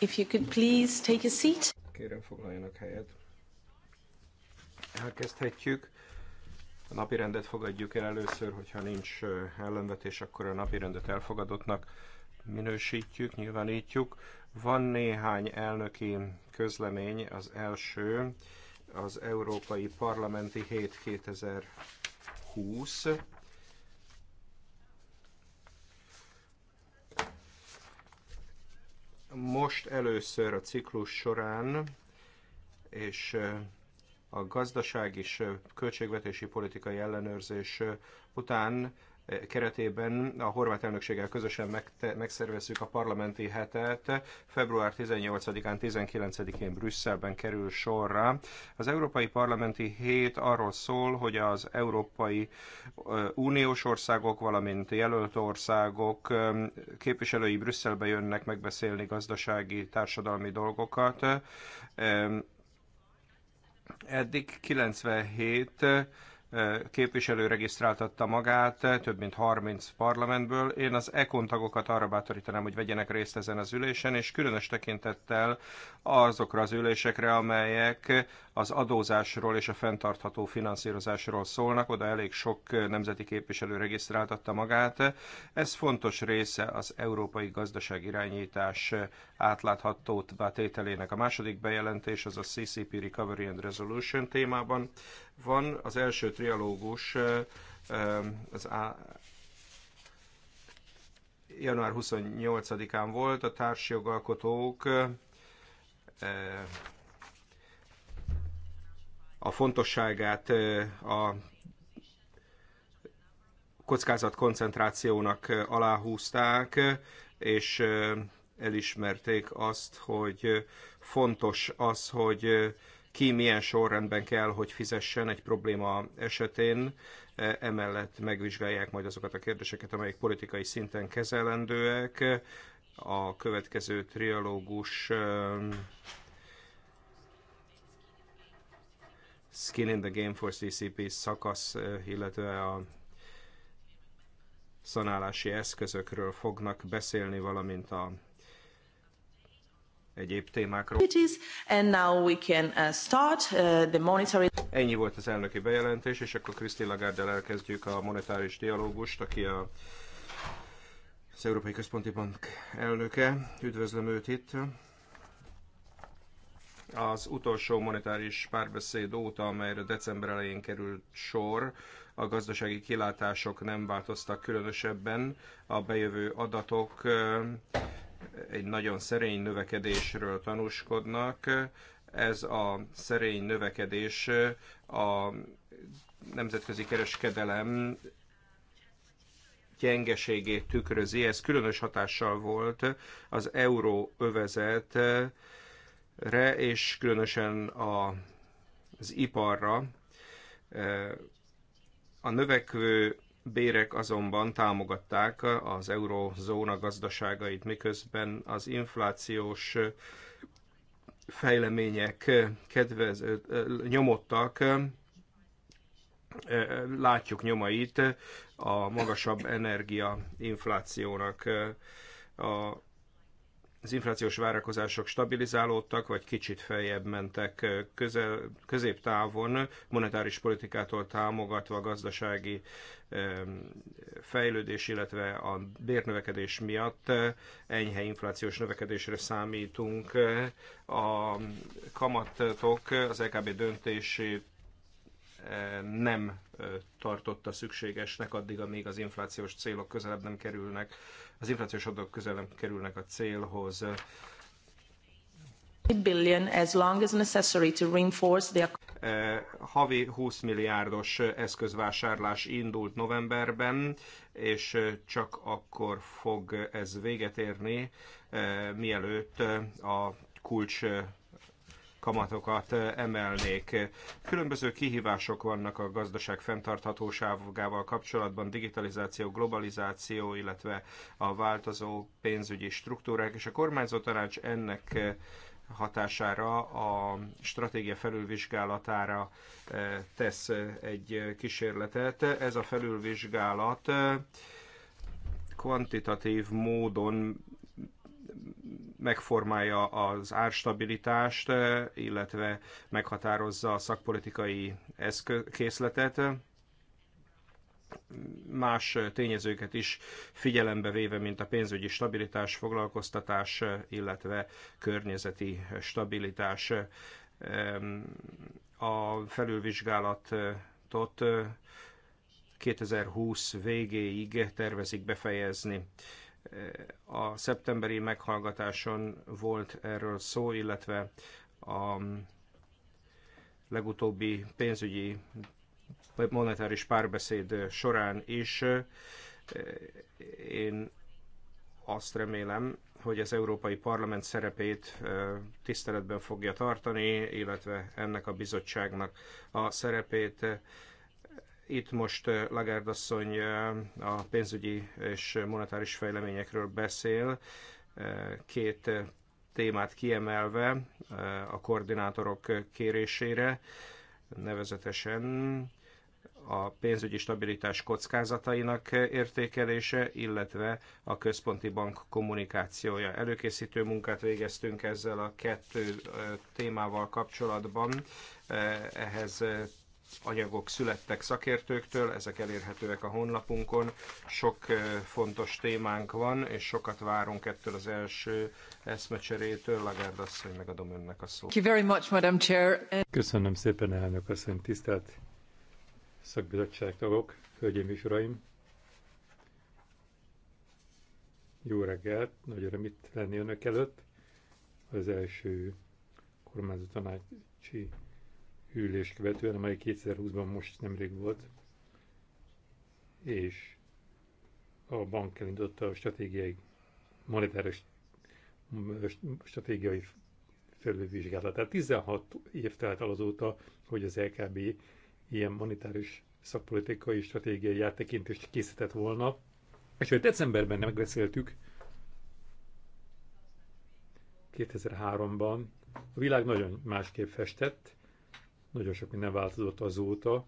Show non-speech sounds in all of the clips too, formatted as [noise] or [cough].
If you could please take a seat. Kérem foglaljanak helyet. Elkezdhetjük. A napi rendet fogadjuk el először, hogyha nincs ellenvetés, akkor a napi rendet elfogadottnak minősítjük, nyilvánítjuk. Van néhány elnöki közlemény, az első az Európai Parlamenti 7 2020 most először a ciklus során, és a gazdaság és költségvetési politikai ellenőrzés után keretében a horvát elnökséggel közösen megszervezzük a parlamenti hetet. Február 18-án, 19-én Brüsszelben kerül sorra. Az Európai Parlamenti Hét arról szól, hogy az Európai Uniós országok, valamint jelölt országok képviselői Brüsszelbe jönnek megbeszélni gazdasági, társadalmi dolgokat. Eddig 97 képviselő regisztráltatta magát, több mint 30 parlamentből. Én az ECON tagokat arra bátorítanám, hogy vegyenek részt ezen az ülésen, és különös tekintettel azokra az ülésekre, amelyek az adózásról és a fenntartható finanszírozásról szólnak, oda elég sok nemzeti képviselő regisztráltatta magát. Ez fontos része az európai gazdaság irányítás átlátható tételének. A második bejelentés az a CCP Recovery and Resolution témában van. Az első trialógus az a január 28-án volt, a társjogalkotók a fontosságát a kockázat koncentrációnak aláhúzták, és elismerték azt, hogy fontos az, hogy ki milyen sorrendben kell, hogy fizessen egy probléma esetén. Emellett megvizsgálják majd azokat a kérdéseket, amelyek politikai szinten kezelendőek. A következő trialógus Skin in the Game for CCP szakasz, illetve a szanálási eszközökről fognak beszélni, valamint a egyéb témákról. And now we can uh, start uh, the monetary... Ennyi volt az elnöki bejelentés, és akkor Kriszti lagarde elkezdjük a monetáris dialógust, aki a, az Európai Központi Bank elnöke. Üdvözlöm őt itt az utolsó monetáris párbeszéd óta, amelyre december elején került sor, a gazdasági kilátások nem változtak különösebben, a bejövő adatok egy nagyon szerény növekedésről tanúskodnak. Ez a szerény növekedés a nemzetközi kereskedelem gyengeségét tükrözi. Ez különös hatással volt az euróövezet re, és különösen a, az iparra. E, a növekvő bérek azonban támogatták az eurózóna gazdaságait, miközben az inflációs fejlemények kedvez nyomottak, e, látjuk nyomait a magasabb energiainflációnak. E, a az inflációs várakozások stabilizálódtak, vagy kicsit feljebb mentek közel, középtávon, monetáris politikától támogatva a gazdasági fejlődés, illetve a bérnövekedés miatt enyhe inflációs növekedésre számítunk. A kamatok az LKB e döntését nem tartotta szükségesnek addig, amíg az inflációs célok közelebb nem kerülnek az inflációs adatok közelem kerülnek a célhoz. Billion as long as necessary to reinforce the eh, havi 20 milliárdos eszközvásárlás indult novemberben, és eh, csak akkor fog ez véget érni, eh, mielőtt a kulcs kamatokat emelnék. Különböző kihívások vannak a gazdaság fenntarthatóságával kapcsolatban, digitalizáció, globalizáció, illetve a változó pénzügyi struktúrák, és a kormányzó tanács ennek hatására, a stratégia felülvizsgálatára tesz egy kísérletet. Ez a felülvizsgálat kvantitatív módon megformálja az árstabilitást, eh, illetve meghatározza a szakpolitikai eszközkészletet más tényezőket is figyelembe véve, mint a pénzügyi stabilitás, foglalkoztatás, illetve környezeti stabilitás. A felülvizsgálatot 2020 eh, végéig tervezik befejezni. A szeptemberi meghallgatáson volt erről szó, illetve a legutóbbi pénzügyi monetáris párbeszéd során is. Én azt remélem, hogy az Európai Parlament szerepét tiszteletben fogja tartani, illetve ennek a bizottságnak a szerepét itt most Lagarde asszony a pénzügyi és monetáris fejleményekről beszél, két témát kiemelve a koordinátorok kérésére, nevezetesen a pénzügyi stabilitás kockázatainak értékelése, illetve a központi bank kommunikációja. Előkészítő munkát végeztünk ezzel a kettő témával kapcsolatban. Ehhez anyagok születtek szakértőktől, ezek elérhetőek a honlapunkon. Sok fontos témánk van, és sokat várunk ettől az első eszmecserétől. Lagarde asszony, megadom önnek a szót. Köszönöm szépen, elnök asszony, tisztelt szakbizottságtagok, hölgyeim és uraim. Jó reggelt, nagy öröm itt lenni önök előtt. Az első kormányzó tanácsi ülés követően, amely 2020-ban most nemrég volt, és a bank elindította a stratégiai, monetáris stratégiai felülvizsgálatát. 16 év telt el azóta, hogy az LKB ilyen monetáris szakpolitikai stratégiai áttekintést készített volna, és hogy decemberben nem megbeszéltük, 2003-ban a világ nagyon másképp festett, nagyon sok minden változott azóta,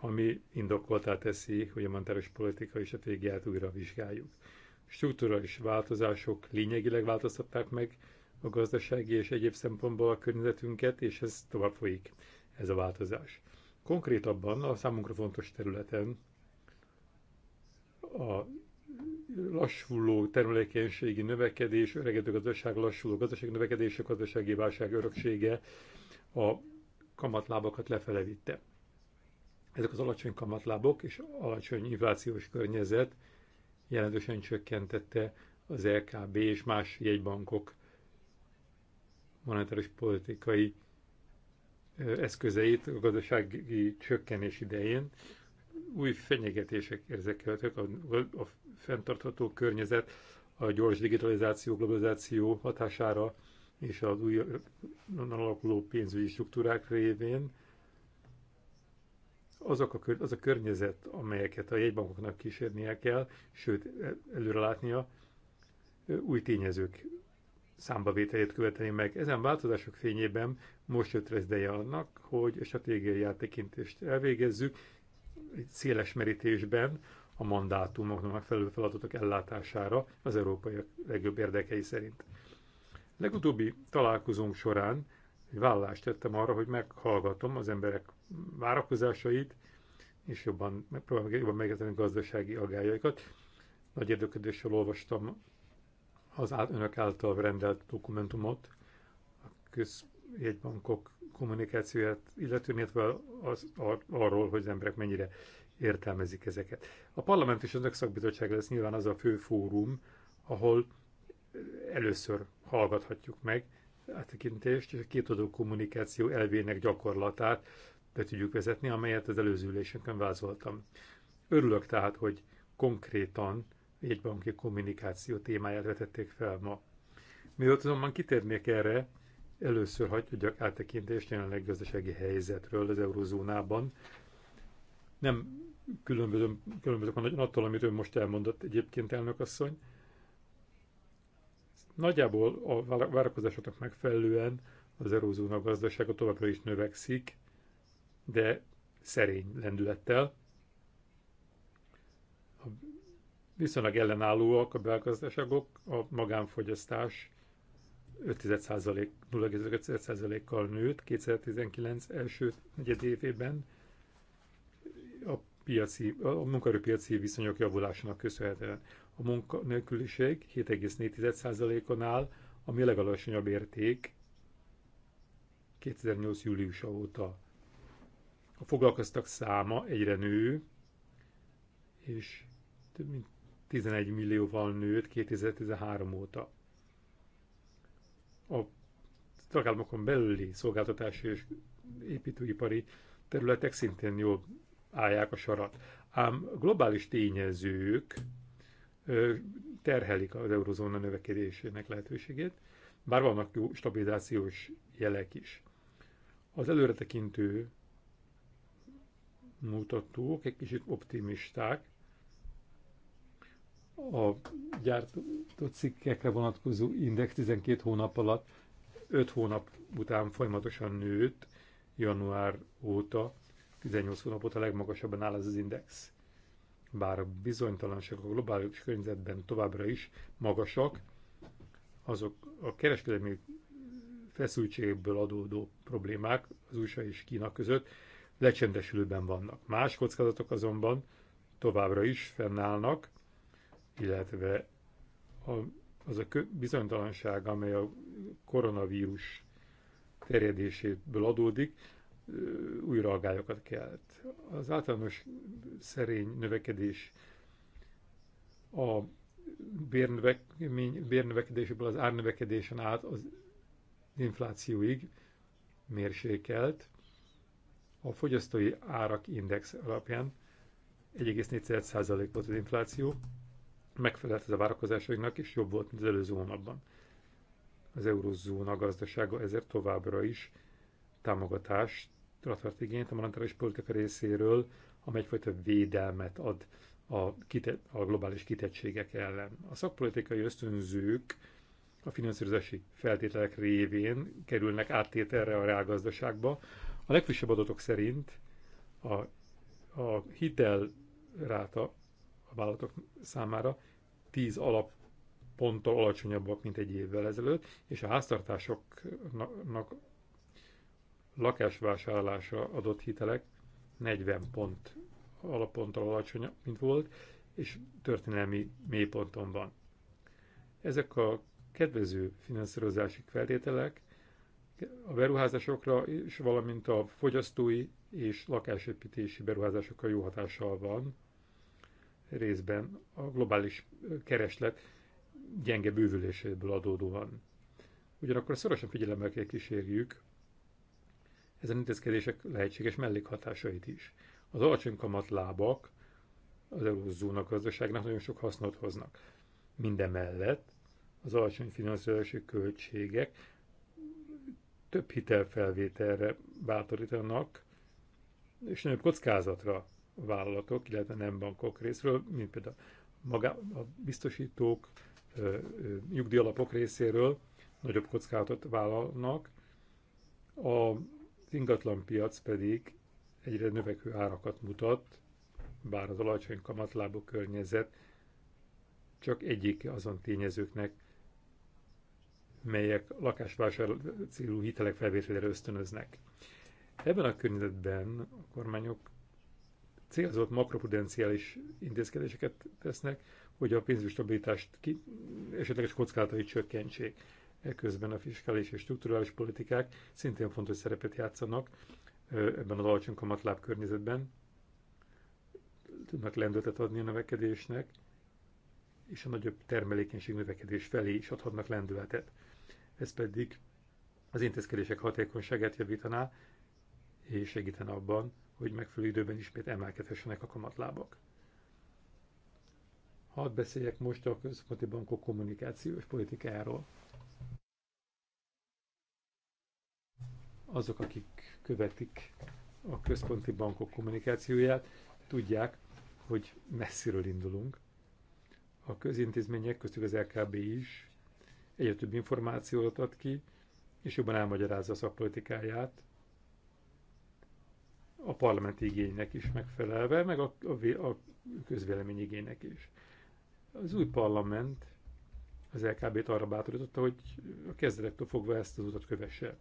ami indokoltá teszi, hogy a monetáris politikai stratégiát újra vizsgáljuk. Struktúrális változások lényegileg változtatták meg a gazdasági és egyéb szempontból a környezetünket, és ez tovább folyik, ez a változás. Konkrétabban a számunkra fontos területen a lassuló termelékenységi növekedés, öregedő gazdaság, lassuló gazdaság növekedés, a gazdasági válság öröksége, a kamatlábakat lefele vitte. Ezek az alacsony kamatlábok és alacsony inflációs környezet jelentősen csökkentette az LKB és más jegybankok monetáris politikai eszközeit a gazdasági csökkenés idején. Új fenyegetések érzékelhetők, a, a fenntartható környezet, a gyors digitalizáció, globalizáció hatására és az új alakuló pénzügyi struktúrák révén azok a, kör, az a környezet, amelyeket a jegybankoknak kísérnie kell, sőt e, előrelátnia, új tényezők számbavételét követeni meg. Ezen változások fényében most jött rezdeje annak, hogy a stratégiai áttekintést elvégezzük egy széles merítésben a mandátumoknak megfelelő feladatok ellátására az európai legjobb érdekei szerint. Legutóbbi találkozónk során egy vállást tettem arra, hogy meghallgatom az emberek várakozásait, és jobban megpróbálom jobban megérteni gazdasági agályaikat. Nagy érdeklődéssel olvastam az önök által rendelt dokumentumot, a közjegybankok kommunikációját, illetően illetve az, ar, arról, hogy az emberek mennyire értelmezik ezeket. A parlament és az önök szakbizottság lesz nyilván az a fő fórum, ahol először hallgathatjuk meg áttekintést és a kétadó kommunikáció elvének gyakorlatát be tudjuk vezetni, amelyet az előző ülésünkön vázoltam. Örülök tehát, hogy konkrétan egy banki kommunikáció témáját vetették fel ma. Mióta azonban kitérnék erre, először hagy áttekintést jelenleg gazdasági helyzetről az eurozónában. Nem különbözök, különbözök nagyon attól, amiről most elmondott egyébként elnökasszony, asszony, Nagyjából a várakozásoknak megfelelően az eurózóna gazdasága továbbra is növekszik, de szerény lendülettel. A viszonylag ellenállóak a belgazdaságok, a magánfogyasztás 0,5%-kal nőtt 2019 első negyedévében, évében, piaci, a munkaerőpiaci viszonyok javulásának köszönhetően. A munkanélküliség 7,4%-on áll, ami a legalacsonyabb érték 2008. júliusa óta. A foglalkoztak száma egyre nő, és több mint 11 millióval nőtt 2013 óta. A tagállamokon belüli szolgáltatási és építőipari területek szintén jól állják a sarat. Ám globális tényezők terhelik az eurozóna növekedésének lehetőségét, bár vannak jó stabilizációs jelek is. Az előretekintő mutatók egy kicsit optimisták, a gyártott cikkekre vonatkozó index 12 hónap alatt, 5 hónap után folyamatosan nőtt január óta, 18 hónapot a legmagasabban áll ez az index. Bár a bizonytalanságok a globális környezetben továbbra is magasak, azok a kereskedelmi feszültségből adódó problémák az USA és Kína között lecsendesülőben vannak. Más kockázatok azonban továbbra is fennállnak, illetve a, az a bizonytalanság, amely a koronavírus terjedéséből adódik, újra aggályokat kelt. Az általános szerény növekedés a bérnövekedésből az árnövekedésen át az inflációig mérsékelt a fogyasztói árak index alapján 1,4% volt az infláció, megfelelt ez a várakozásainknak, és jobb volt, mint az előző hónapban. Az eurozóna gazdasága ezért továbbra is támogatást arra igényt a monetáris politika részéről, amely egyfajta védelmet ad a, kite, a globális kitettségek ellen. A szakpolitikai ösztönzők a finanszírozási feltételek révén kerülnek áttételre a reálgazdaságba. A legfrissebb adatok szerint a, a hitelráta a vállalatok számára 10 alap ponttal alacsonyabbak, mint egy évvel ezelőtt, és a háztartásoknak lakásvásárlásra adott hitelek 40 pont alaponttal alacsonyabb, mint volt, és történelmi mélyponton van. Ezek a kedvező finanszírozási feltételek a beruházásokra és valamint a fogyasztói és lakásépítési beruházásokra jó hatással van részben a globális kereslet gyenge bővüléséből adódóan. Ugyanakkor szorosan figyelemmel kell kísérjük ezen intézkedések lehetséges mellékhatásait is. Az alacsony lábak az eurózónak gazdaságnak nagyon sok hasznot hoznak. Mindemellett az alacsony finanszírozási költségek több hitelfelvételre bátorítanak, és nagyobb kockázatra vállalatok, illetve nem bankok részről, mint például maga, a biztosítók, nyugdíjalapok részéről nagyobb kockázatot vállalnak. A ingatlan piac pedig egyre növekvő árakat mutat, bár az alacsony kamatlábú környezet csak egyik azon tényezőknek, melyek lakásvásárló célú hitelek felvételére ösztönöznek. Ebben a környezetben a kormányok célzott makroprudenciális intézkedéseket tesznek, hogy a pénzügyi stabilitást ki, esetleges kockázatait csökkentsék. Eközben a fiskális és strukturális politikák szintén fontos szerepet játszanak ebben az alacsony kamatláb környezetben, tudnak lendületet adni a növekedésnek, és a nagyobb termelékenység növekedés felé is adhatnak lendületet. Ez pedig az intézkedések hatékonyságát javítaná, és segítene abban, hogy megfelelő időben ismét emelkedhessenek a kamatlábak. Hadd beszéljek most a központi bankok kommunikációs politikáról. azok, akik követik a központi bankok kommunikációját, tudják, hogy messziről indulunk. A közintézmények, köztük az LKB is egyre több információt ad ki, és jobban elmagyarázza a szakpolitikáját, a parlamenti igénynek is megfelelve, meg a, a, a közvélemény igénynek is. Az új parlament az LKB-t arra bátorította, hogy a kezdetektől fogva ezt az utat kövesse.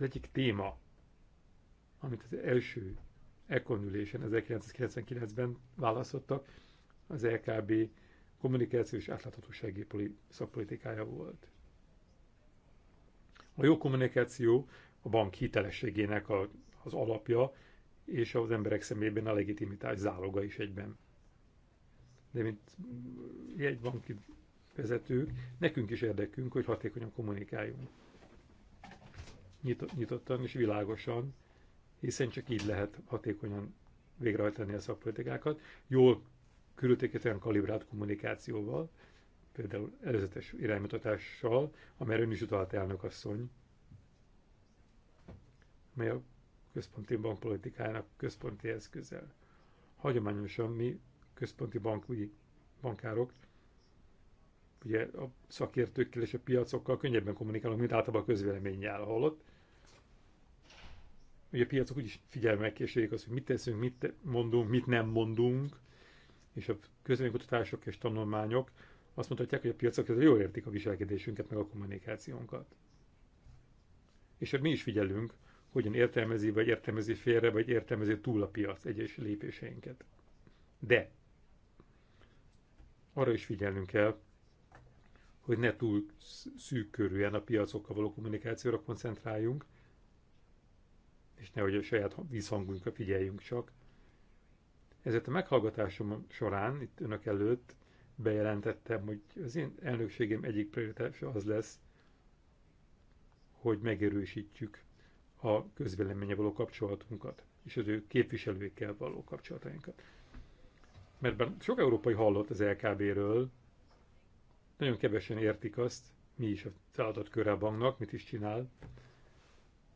Az egyik téma, amit az első Econ ülésen 1999-ben választottak, az LKB kommunikációs átláthatósági szakpolitikája volt. A jó kommunikáció a bank hitelességének a, az alapja, és az emberek szemében a legitimitás záloga is egyben. De mint banki vezetők, nekünk is érdekünk, hogy hatékonyan kommunikáljunk nyitottan és világosan, hiszen csak így lehet hatékonyan végrehajtani a szakpolitikákat, jól körültéketően kalibrált kommunikációval, például előzetes iránymutatással, amelyre ön is utalt elnökasszony, mely a központi bankpolitikának központi eszközel. Hagyományosan mi központi bankügyi bankárok, ugye a szakértőkkel és a piacokkal könnyebben kommunikálunk, mint általában a közvéleménnyel hallott ugye a piacok úgyis figyelme kísérik azt, hogy mit teszünk, mit mondunk, mit nem mondunk, és a közvéleménykutatások és tanulmányok azt mondhatják, hogy a piacok ezzel jól értik a viselkedésünket, meg a kommunikációnkat. És hát mi is figyelünk, hogyan értelmezi, vagy értelmezi félre, vagy értelmezi túl a piac egyes lépéseinket. De arra is figyelnünk kell, hogy ne túl szűkörűen a piacokkal való kommunikációra koncentráljunk, és nehogy a saját vízhangunkra figyeljünk csak. Ezért a meghallgatásom során, itt önök előtt bejelentettem, hogy az én elnökségem egyik prioritása az lesz, hogy megerősítjük a közvéleménye való kapcsolatunkat, és az ő képviselőkkel való kapcsolatainkat. Mert bár sok európai hallott az LKB-ről, nagyon kevesen értik azt, mi is a feladatkörrel vannak, mit is csinál,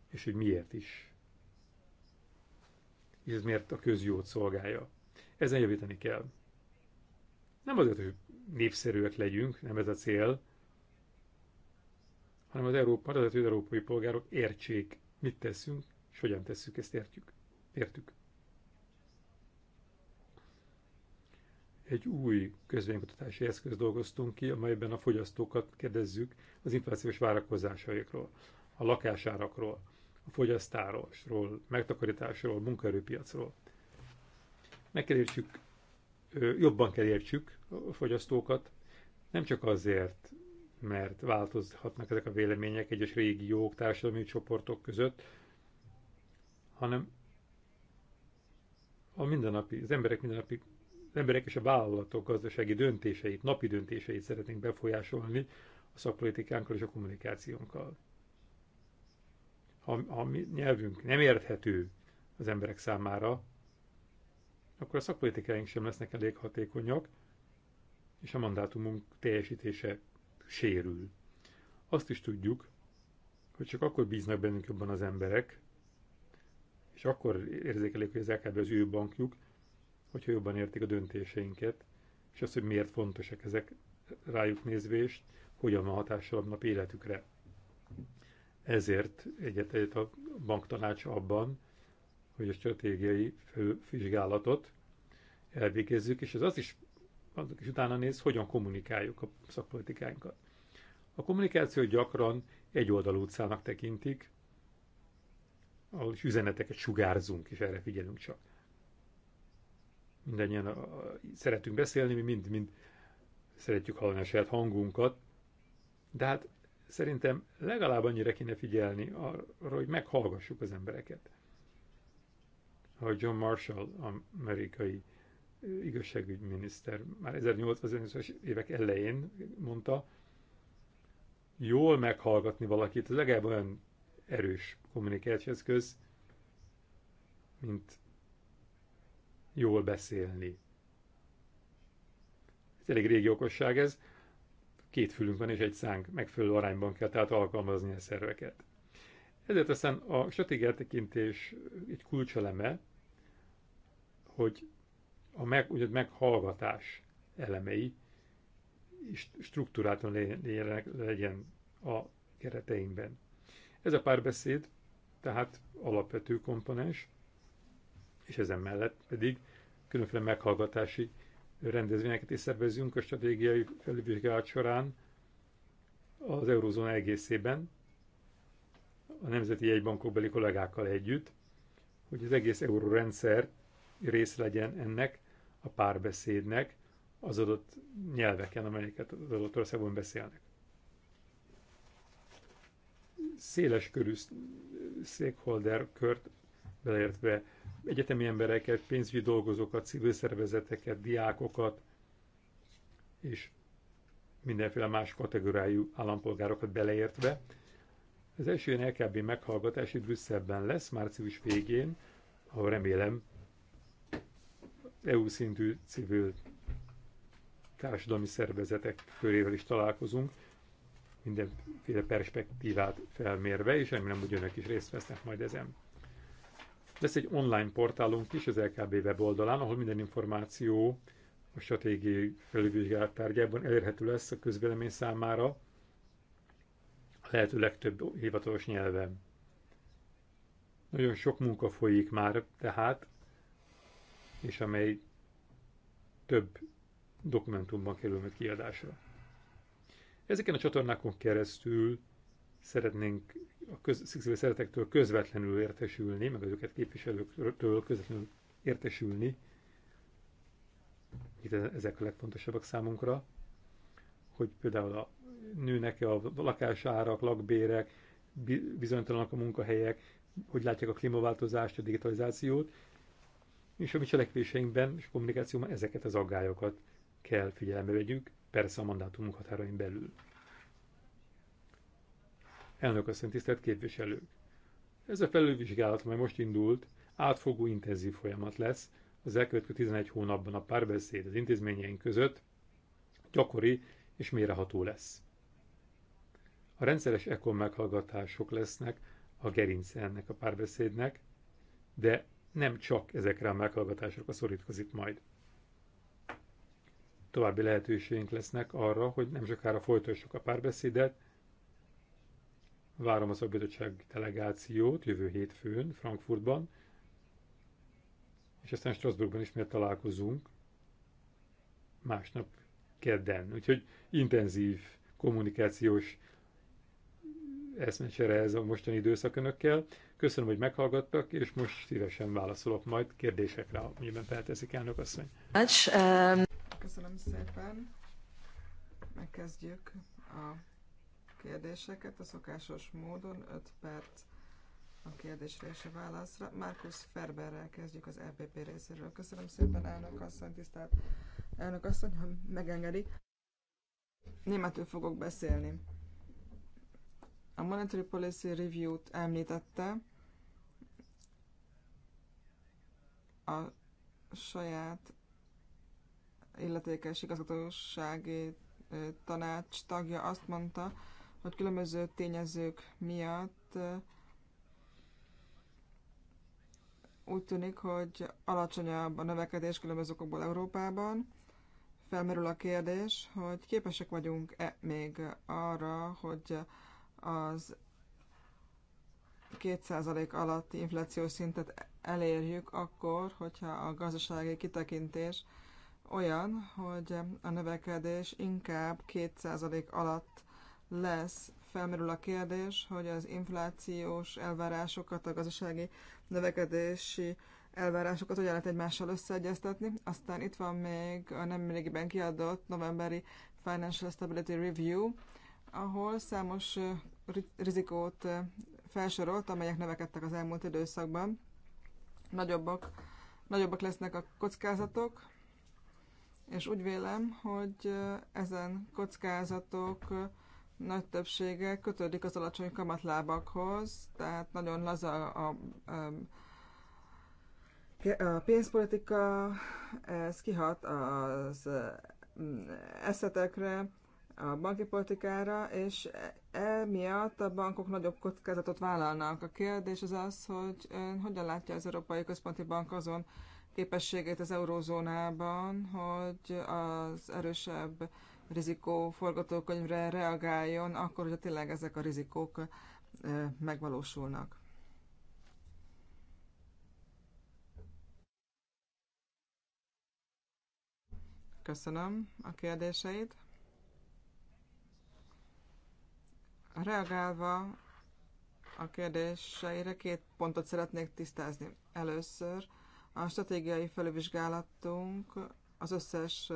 és hogy miért is és ez miért a közjót szolgálja. Ezen javítani kell. Nem azért, hogy népszerűek legyünk, nem ez a cél, hanem az, Európa, az, az európai polgárok értsék, mit teszünk, és hogyan tesszük, ezt értjük. Értük. Egy új közvénykutatási eszköz dolgoztunk ki, amelyben a fogyasztókat kérdezzük az inflációs várakozásaikról, a lakásárakról, a fogyasztásról, megtakarításról, munkaerőpiacról. Meg kell értsük, jobban kell értsük a fogyasztókat, nem csak azért, mert változhatnak ezek a vélemények egyes régiók, társadalmi csoportok között, hanem a mindennapi, az emberek mindennapi, az emberek és a vállalatok gazdasági döntéseit, napi döntéseit szeretnénk befolyásolni a szakpolitikánkkal és a kommunikációnkkal ha a nyelvünk nem érthető az emberek számára, akkor a szakpolitikáink sem lesznek elég hatékonyak, és a mandátumunk teljesítése sérül. Azt is tudjuk, hogy csak akkor bíznak bennünk jobban az emberek, és akkor érzékelik, hogy az LKB az ő bankjuk, hogyha jobban értik a döntéseinket, és azt, hogy miért fontosak ezek rájuk nézvést, hogyan van hatással a nap életükre. Ezért egyet, egyet a banktanács abban, hogy a stratégiai fővizsgálatot elvégezzük, és ez az is, annak is utána néz, hogyan kommunikáljuk a szakpolitikánkat. A kommunikáció gyakran egy oldalú utcának tekintik, ahol üzeneteket sugárzunk, és erre figyelünk csak. Mindennyien a, szeretünk beszélni, mi mind-mind szeretjük hallani a saját hangunkat, de hát szerintem legalább annyira kéne figyelni arra, hogy meghallgassuk az embereket. Ahogy John Marshall, amerikai igazságügyminiszter már 1800 as évek elején mondta, jól meghallgatni valakit, az legalább olyan erős kommunikációs eszköz, mint jól beszélni. Ez elég régi okosság ez, két fülünk van és egy szánk, megfelelő arányban kell tehát alkalmazni a szerveket. Ezért aztán a stratégia tekintés egy kulcseleme, hogy a meg, úgyhogy meghallgatás elemei struktúráton legyen a kereteinkben. Ez a párbeszéd tehát alapvető komponens, és ezen mellett pedig különféle meghallgatási rendezvényeket is szervezünk a stratégiai felülvizsgálat során az Eurózóna egészében, a nemzeti beli kollégákkal együtt, hogy az egész eurórendszer rész legyen ennek a párbeszédnek az adott nyelveken, amelyeket az adott országban beszélnek. Széles körű stakeholder kört beleértve egyetemi embereket, pénzügyi dolgozókat, civil szervezeteket, diákokat, és mindenféle más kategóriájú állampolgárokat beleértve. Az első ilyen LKB meghallgatás itt Brüsszelben lesz, március végén, ahol remélem EU szintű civil társadalmi szervezetek körével is találkozunk, mindenféle perspektívát felmérve, és remélem, hogy önök is részt vesznek majd ezen. Lesz egy online portálunk is az LKB weboldalán, ahol minden információ a stratégiai felülvizsgálat tárgyában elérhető lesz a közvélemény számára a lehető legtöbb hivatalos nyelven. Nagyon sok munka folyik már tehát, és amely több dokumentumban kerül majd kiadásra. Ezeken a csatornákon keresztül szeretnénk a köz, szeretektől közvetlenül értesülni, meg őket képviselőktől közvetlenül értesülni, itt ezek a legfontosabbak számunkra, hogy például a nőnek a lakásárak, lakbérek, bizonytalanak a munkahelyek, hogy látják a klímaváltozást, a digitalizációt, és a mi cselekvéseinkben és kommunikációban ezeket az aggályokat kell figyelembe vegyük, persze a mandátumunk határain belül. Elnök asszony, tisztelt képviselők! Ez a felülvizsgálat, mely most indult, átfogó intenzív folyamat lesz az elkövetkező 11 hónapban a párbeszéd az intézményeink között gyakori és méreható lesz. A rendszeres ekon meghallgatások lesznek a gerince ennek a párbeszédnek, de nem csak ezekre a meghallgatásokra szorítkozik majd. További lehetőségünk lesznek arra, hogy nem sokára folytassuk a párbeszédet, Várom a szakbizottság delegációt jövő hétfőn Frankfurtban, és aztán Strasbourgban miért találkozunk másnap kedden. Úgyhogy intenzív kommunikációs eszmecsere ez a mostani időszak önökkel. Köszönöm, hogy meghallgattak, és most szívesen válaszolok majd kérdésekre, amiben felteszik elnök asszony. Um, Köszönöm szépen. Megkezdjük a kérdéseket a szokásos módon, 5 perc a kérdésre és a válaszra. Markus Ferberrel kezdjük az EPP részéről. Köszönöm szépen, elnök asszony, tisztelt elnök asszony, ha megengedi. Németül fogok beszélni. A Monetary Policy Review-t említette a saját illetékes igazgatósági tanács tagja azt mondta, hogy különböző tényezők miatt úgy tűnik, hogy alacsonyabb a növekedés különböző okokból Európában. Felmerül a kérdés, hogy képesek vagyunk-e még arra, hogy az 2% alatti inflációs szintet elérjük akkor, hogyha a gazdasági kitekintés olyan, hogy a növekedés inkább 2% alatt lesz. Felmerül a kérdés, hogy az inflációs elvárásokat, a gazdasági növekedési elvárásokat hogyan lehet egymással összeegyeztetni. Aztán itt van még a nemrégiben kiadott novemberi Financial Stability Review, ahol számos rizikót felsorolt, amelyek növekedtek az elmúlt időszakban. Nagyobbak, nagyobbak lesznek a kockázatok, és úgy vélem, hogy ezen kockázatok nagy többsége kötődik az alacsony kamatlábakhoz, tehát nagyon laza a, a, a pénzpolitika, ez kihat az eszetekre, a banki politikára, és emiatt a bankok nagyobb kockázatot vállalnak. A kérdés az az, hogy hogyan látja az Európai Központi Bank azon képességét az eurózónában, hogy az erősebb rizikó forgatókönyvre reagáljon, akkor, hogyha tényleg ezek a rizikók megvalósulnak. Köszönöm a kérdéseid. Reagálva a kérdéseire két pontot szeretnék tisztázni. Először a stratégiai felülvizsgálatunk az összes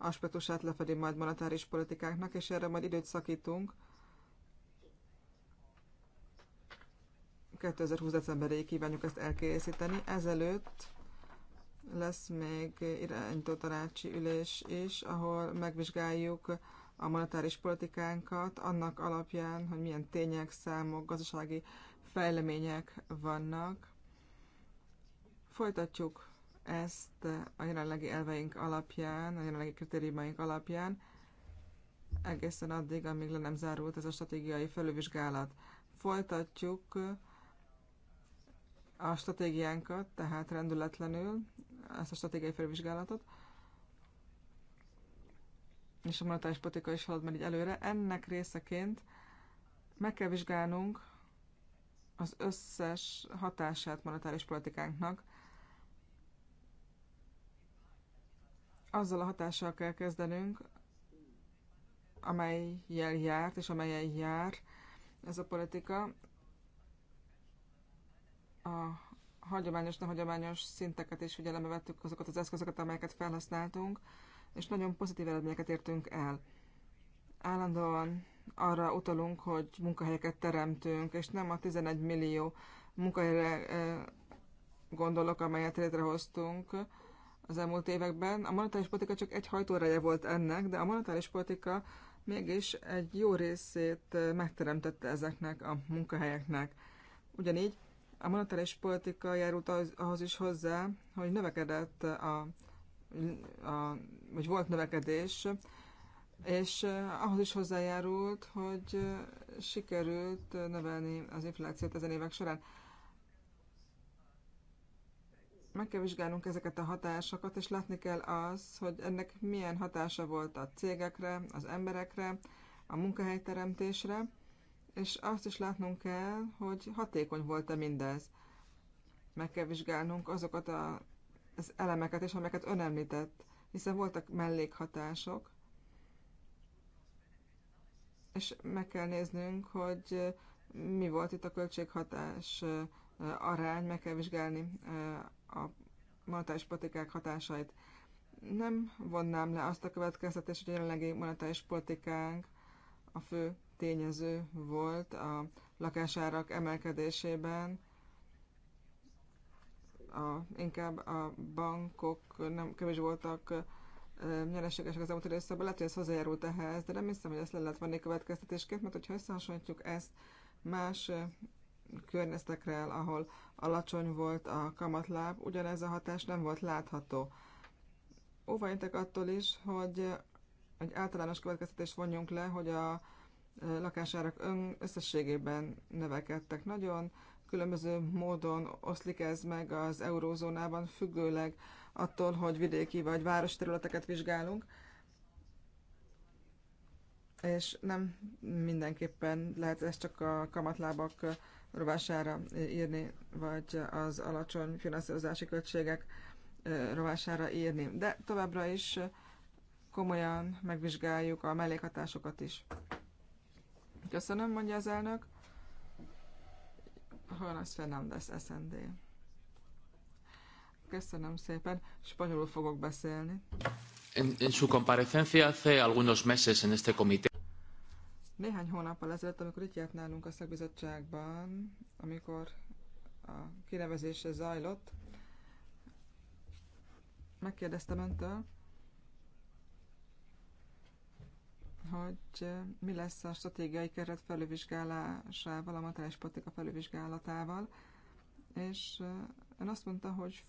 aspektusát lefedi majd monetáris politikáknak, és erre majd időt szakítunk 2020. decemberéig kívánjuk ezt elkészíteni. Ezelőtt lesz még irányító tanácsi ülés is, ahol megvizsgáljuk a monetáris politikánkat annak alapján, hogy milyen tények, számok, gazdasági fejlemények vannak. Folytatjuk ezt a jelenlegi elveink alapján, a jelenlegi kritériumaink alapján, egészen addig, amíg le nem zárult ez a stratégiai felülvizsgálat. Folytatjuk a stratégiánkat, tehát rendületlenül ezt a stratégiai felülvizsgálatot, és a monetáris politika is halad már így előre. Ennek részeként meg kell vizsgálnunk az összes hatását monetáris politikánknak azzal a hatással kell kezdenünk, jel járt, és amelyen jár ez a politika. A hagyományos, nem hagyományos szinteket is figyelembe vettük azokat az eszközöket, amelyeket felhasználtunk, és nagyon pozitív eredményeket értünk el. Állandóan arra utalunk, hogy munkahelyeket teremtünk, és nem a 11 millió munkahelyre eh, gondolok, amelyet létrehoztunk, az elmúlt években. A monetáris politika csak egy hajtóreje volt ennek, de a monetáris politika mégis egy jó részét eh, megteremtette ezeknek a munkahelyeknek. Ugyanígy a monetáris politika járult ahhoz is hozzá, hogy növekedett a, a vagy volt növekedés, és eh, ahhoz is hozzájárult, hogy eh, sikerült növelni az inflációt ezen évek során meg kell vizsgálnunk ezeket a hatásokat, és látni kell az, hogy ennek milyen hatása volt a cégekre, az emberekre, a munkahelyteremtésre, és azt is látnunk kell, hogy hatékony volt-e mindez. Meg kell vizsgálnunk azokat a, az elemeket és amelyeket ön említett, hiszen voltak mellékhatások, és meg kell néznünk, hogy mi volt itt a költséghatás arány, meg kell vizsgálni a monetáris politikák hatásait. Nem vonnám le azt a következtetést, hogy a jelenlegi monetáris politikánk a fő tényező volt a lakásárak emelkedésében, a, inkább a bankok nem kevés voltak nyereségesek az elmúlt időszakban, lehet, hogy ez hozzájárult ehhez, de nem hiszem, hogy ezt le lehet venni következtetésként, mert hogyha összehasonlítjuk ezt más környezetekre, ahol alacsony volt a kamatláb, ugyanez a hatás nem volt látható. Óvajintek attól is, hogy egy általános következtetést vonjunk le, hogy a e, lakásárak ön összességében növekedtek nagyon, különböző módon oszlik ez meg az eurózónában, függőleg attól, hogy vidéki vagy város területeket vizsgálunk, és nem mindenképpen lehet ez csak a kamatlábak rovására írni, vagy az alacsony finanszírozási költségek rovására írni. De továbbra is komolyan megvizsgáljuk a mellékhatásokat is. Köszönöm, mondja az elnök. Jonas Fernández, SND. Köszönöm szépen, spanyolul fogok beszélni. En, en su comparecencia hace algunos meses en este comité. Néhány hónappal ezelőtt, amikor itt járt nálunk a szakbizottságban, amikor a kinevezése zajlott, megkérdeztem öntől, hogy mi lesz a stratégiai keret felülvizsgálásával, a materiális politika felülvizsgálatával, és ön azt mondta, hogy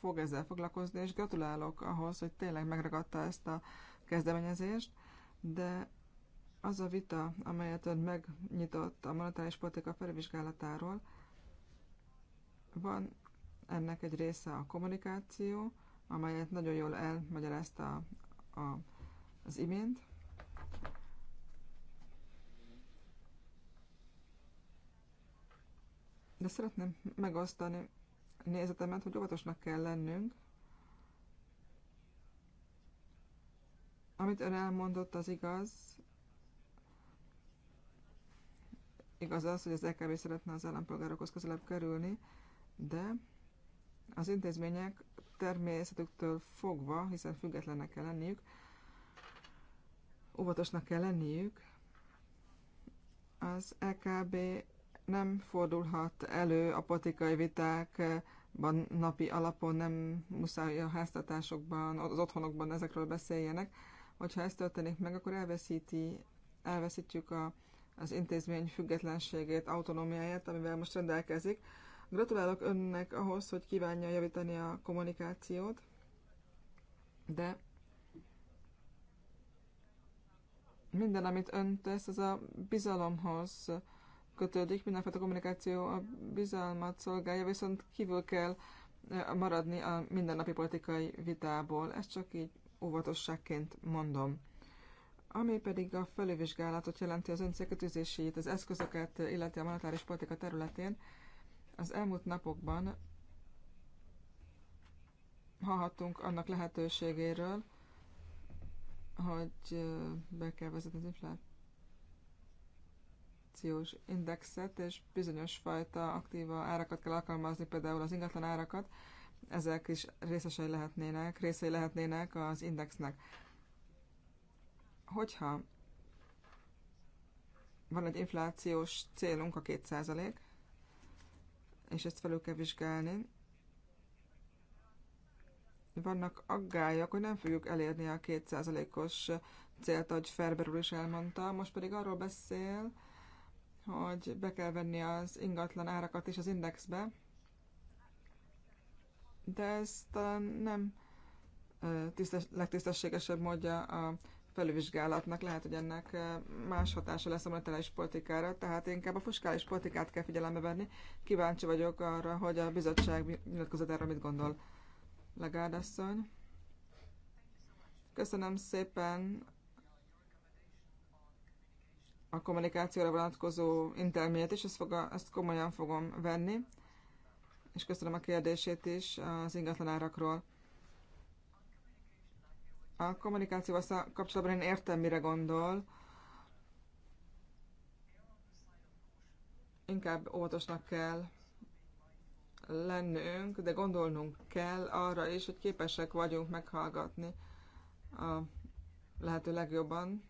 fog ezzel foglalkozni, és gratulálok ahhoz, hogy tényleg megragadta ezt a kezdeményezést, de az a vita, amelyet ön megnyitott a monetáris politika felvizsgálatáról, van ennek egy része a kommunikáció, amelyet nagyon jól elmagyarázta a, a, az imént. De szeretném megosztani nézetemet, hogy óvatosnak kell lennünk. Amit ön elmondott, az igaz, Igaz az, hogy az EKB szeretne az állampolgárokhoz közelebb kerülni, de az intézmények természetüktől fogva, hiszen függetlennek kell lenniük, óvatosnak kell lenniük, az EKB nem fordulhat elő a politikai vitákban napi alapon, nem muszáj a háztatásokban, az otthonokban ezekről beszéljenek. Hogyha ez történik meg, akkor elveszíti, elveszítjük a az intézmény függetlenségét, autonómiáját, amivel most rendelkezik. Gratulálok önnek ahhoz, hogy kívánja javítani a kommunikációt, de minden, amit ön tesz, az a bizalomhoz kötődik, mindenfajta kommunikáció a bizalmat szolgálja, viszont kívül kell maradni a mindennapi politikai vitából. Ezt csak így óvatosságként mondom. Ami pedig a felülvizsgálatot jelenti az öncélkötőzését, az eszközöket, illetve a monetáris politika területén, az elmúlt napokban hallhattunk annak lehetőségéről, hogy be kell vezetni az inflációs indexet, és bizonyos fajta aktíva árakat kell alkalmazni, például az ingatlan árakat, ezek is részesei lehetnének, részei lehetnének az indexnek Hogyha van egy inflációs célunk, a 2%, és ezt felül kell vizsgálni, vannak aggályok, hogy nem fogjuk elérni a 2%-os célt, ahogy Ferber úr is elmondta. Most pedig arról beszél, hogy be kell venni az ingatlan árakat is az indexbe, de ez talán nem legtisztességesebb módja a felülvizsgálatnak, lehet, hogy ennek más hatása lesz a monetáris politikára, tehát inkább a fiskális politikát kell figyelembe venni. Kíváncsi vagyok arra, hogy a bizottság erről, mit gondol. Legárd asszony. Köszönöm szépen a kommunikációra vonatkozó intermét is, ezt, fog, ezt komolyan fogom venni, és köszönöm a kérdését is az ingatlanárakról. A kommunikációval kapcsolatban én értem, mire gondol. Inkább óvatosnak kell lennünk, de gondolnunk kell arra is, hogy képesek vagyunk meghallgatni a lehető legjobban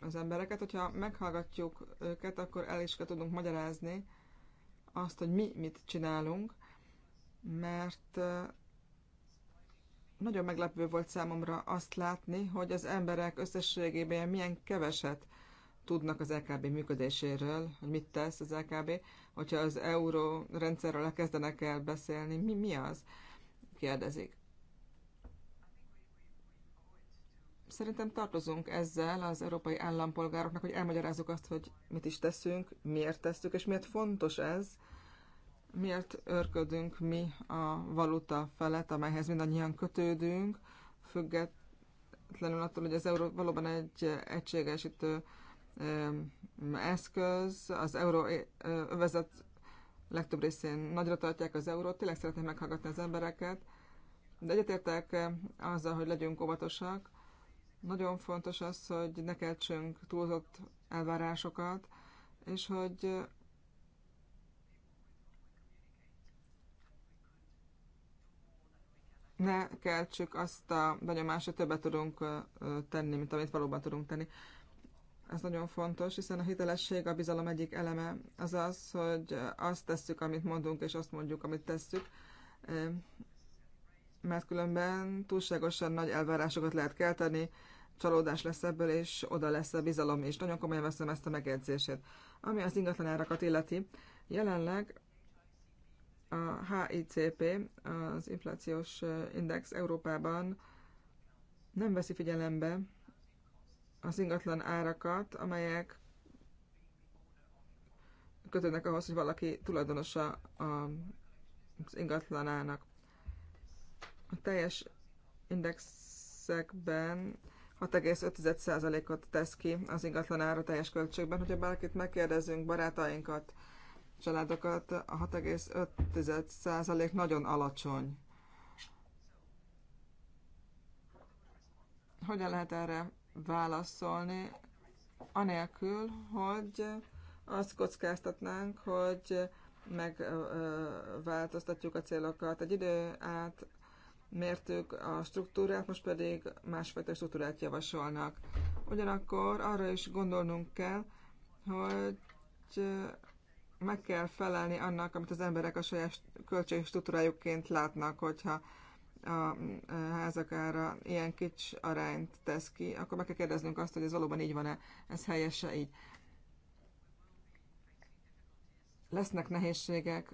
az embereket. Hogyha meghallgatjuk őket, akkor el is kell tudnunk magyarázni azt, hogy mi mit csinálunk, mert nagyon meglepő volt számomra azt látni, hogy az emberek összességében milyen keveset tudnak az LKB működéséről, hogy mit tesz az LKB, hogyha az euró rendszerről elkezdenek el beszélni, mi, mi az? Kérdezik. Szerintem tartozunk ezzel az európai állampolgároknak, hogy elmagyarázzuk azt, hogy mit is teszünk, miért tesszük, és miért fontos ez, miért örködünk mi a valuta felett, amelyhez mindannyian kötődünk, függetlenül attól, hogy az euró valóban egy egységesítő eszköz, az euró övezet legtöbb részén nagyra tartják az eurót, tényleg szeretném meghallgatni az embereket, de egyetértek azzal, hogy legyünk óvatosak. Nagyon fontos az, hogy ne keltsünk túlzott elvárásokat, és hogy ne keltsük azt a benyomást, hogy többet tudunk tenni, mint amit valóban tudunk tenni. Ez nagyon fontos, hiszen a hitelesség, a bizalom egyik eleme az az, hogy azt tesszük, amit mondunk, és azt mondjuk, amit tesszük, mert különben túlságosan nagy elvárásokat lehet kelteni, csalódás lesz ebből, és oda lesz a bizalom, és nagyon komolyan veszem ezt a megjegyzését. Ami az ingatlan árakat illeti, jelenleg a HICP, az inflációs index Európában nem veszi figyelembe az ingatlan árakat, amelyek kötődnek ahhoz, hogy valaki tulajdonosa az ingatlanának. A teljes indexekben 6,5%-ot tesz ki az ingatlan ára teljes költségben. Hogyha bárkit megkérdezünk, barátainkat, családokat, a 6,5% nagyon alacsony. Hogyan lehet erre válaszolni, anélkül, hogy azt kockáztatnánk, hogy megváltoztatjuk a célokat. Egy idő át mértük a struktúrát, most pedig másfajta struktúrát javasolnak. Ugyanakkor arra is gondolnunk kell, hogy meg kell felelni annak, amit az emberek a saját struktúrájukként látnak, hogyha a házak ára ilyen kics arányt tesz ki, akkor meg kell kérdeznünk azt, hogy ez valóban így van-e, ez helyese így. Lesznek nehézségek,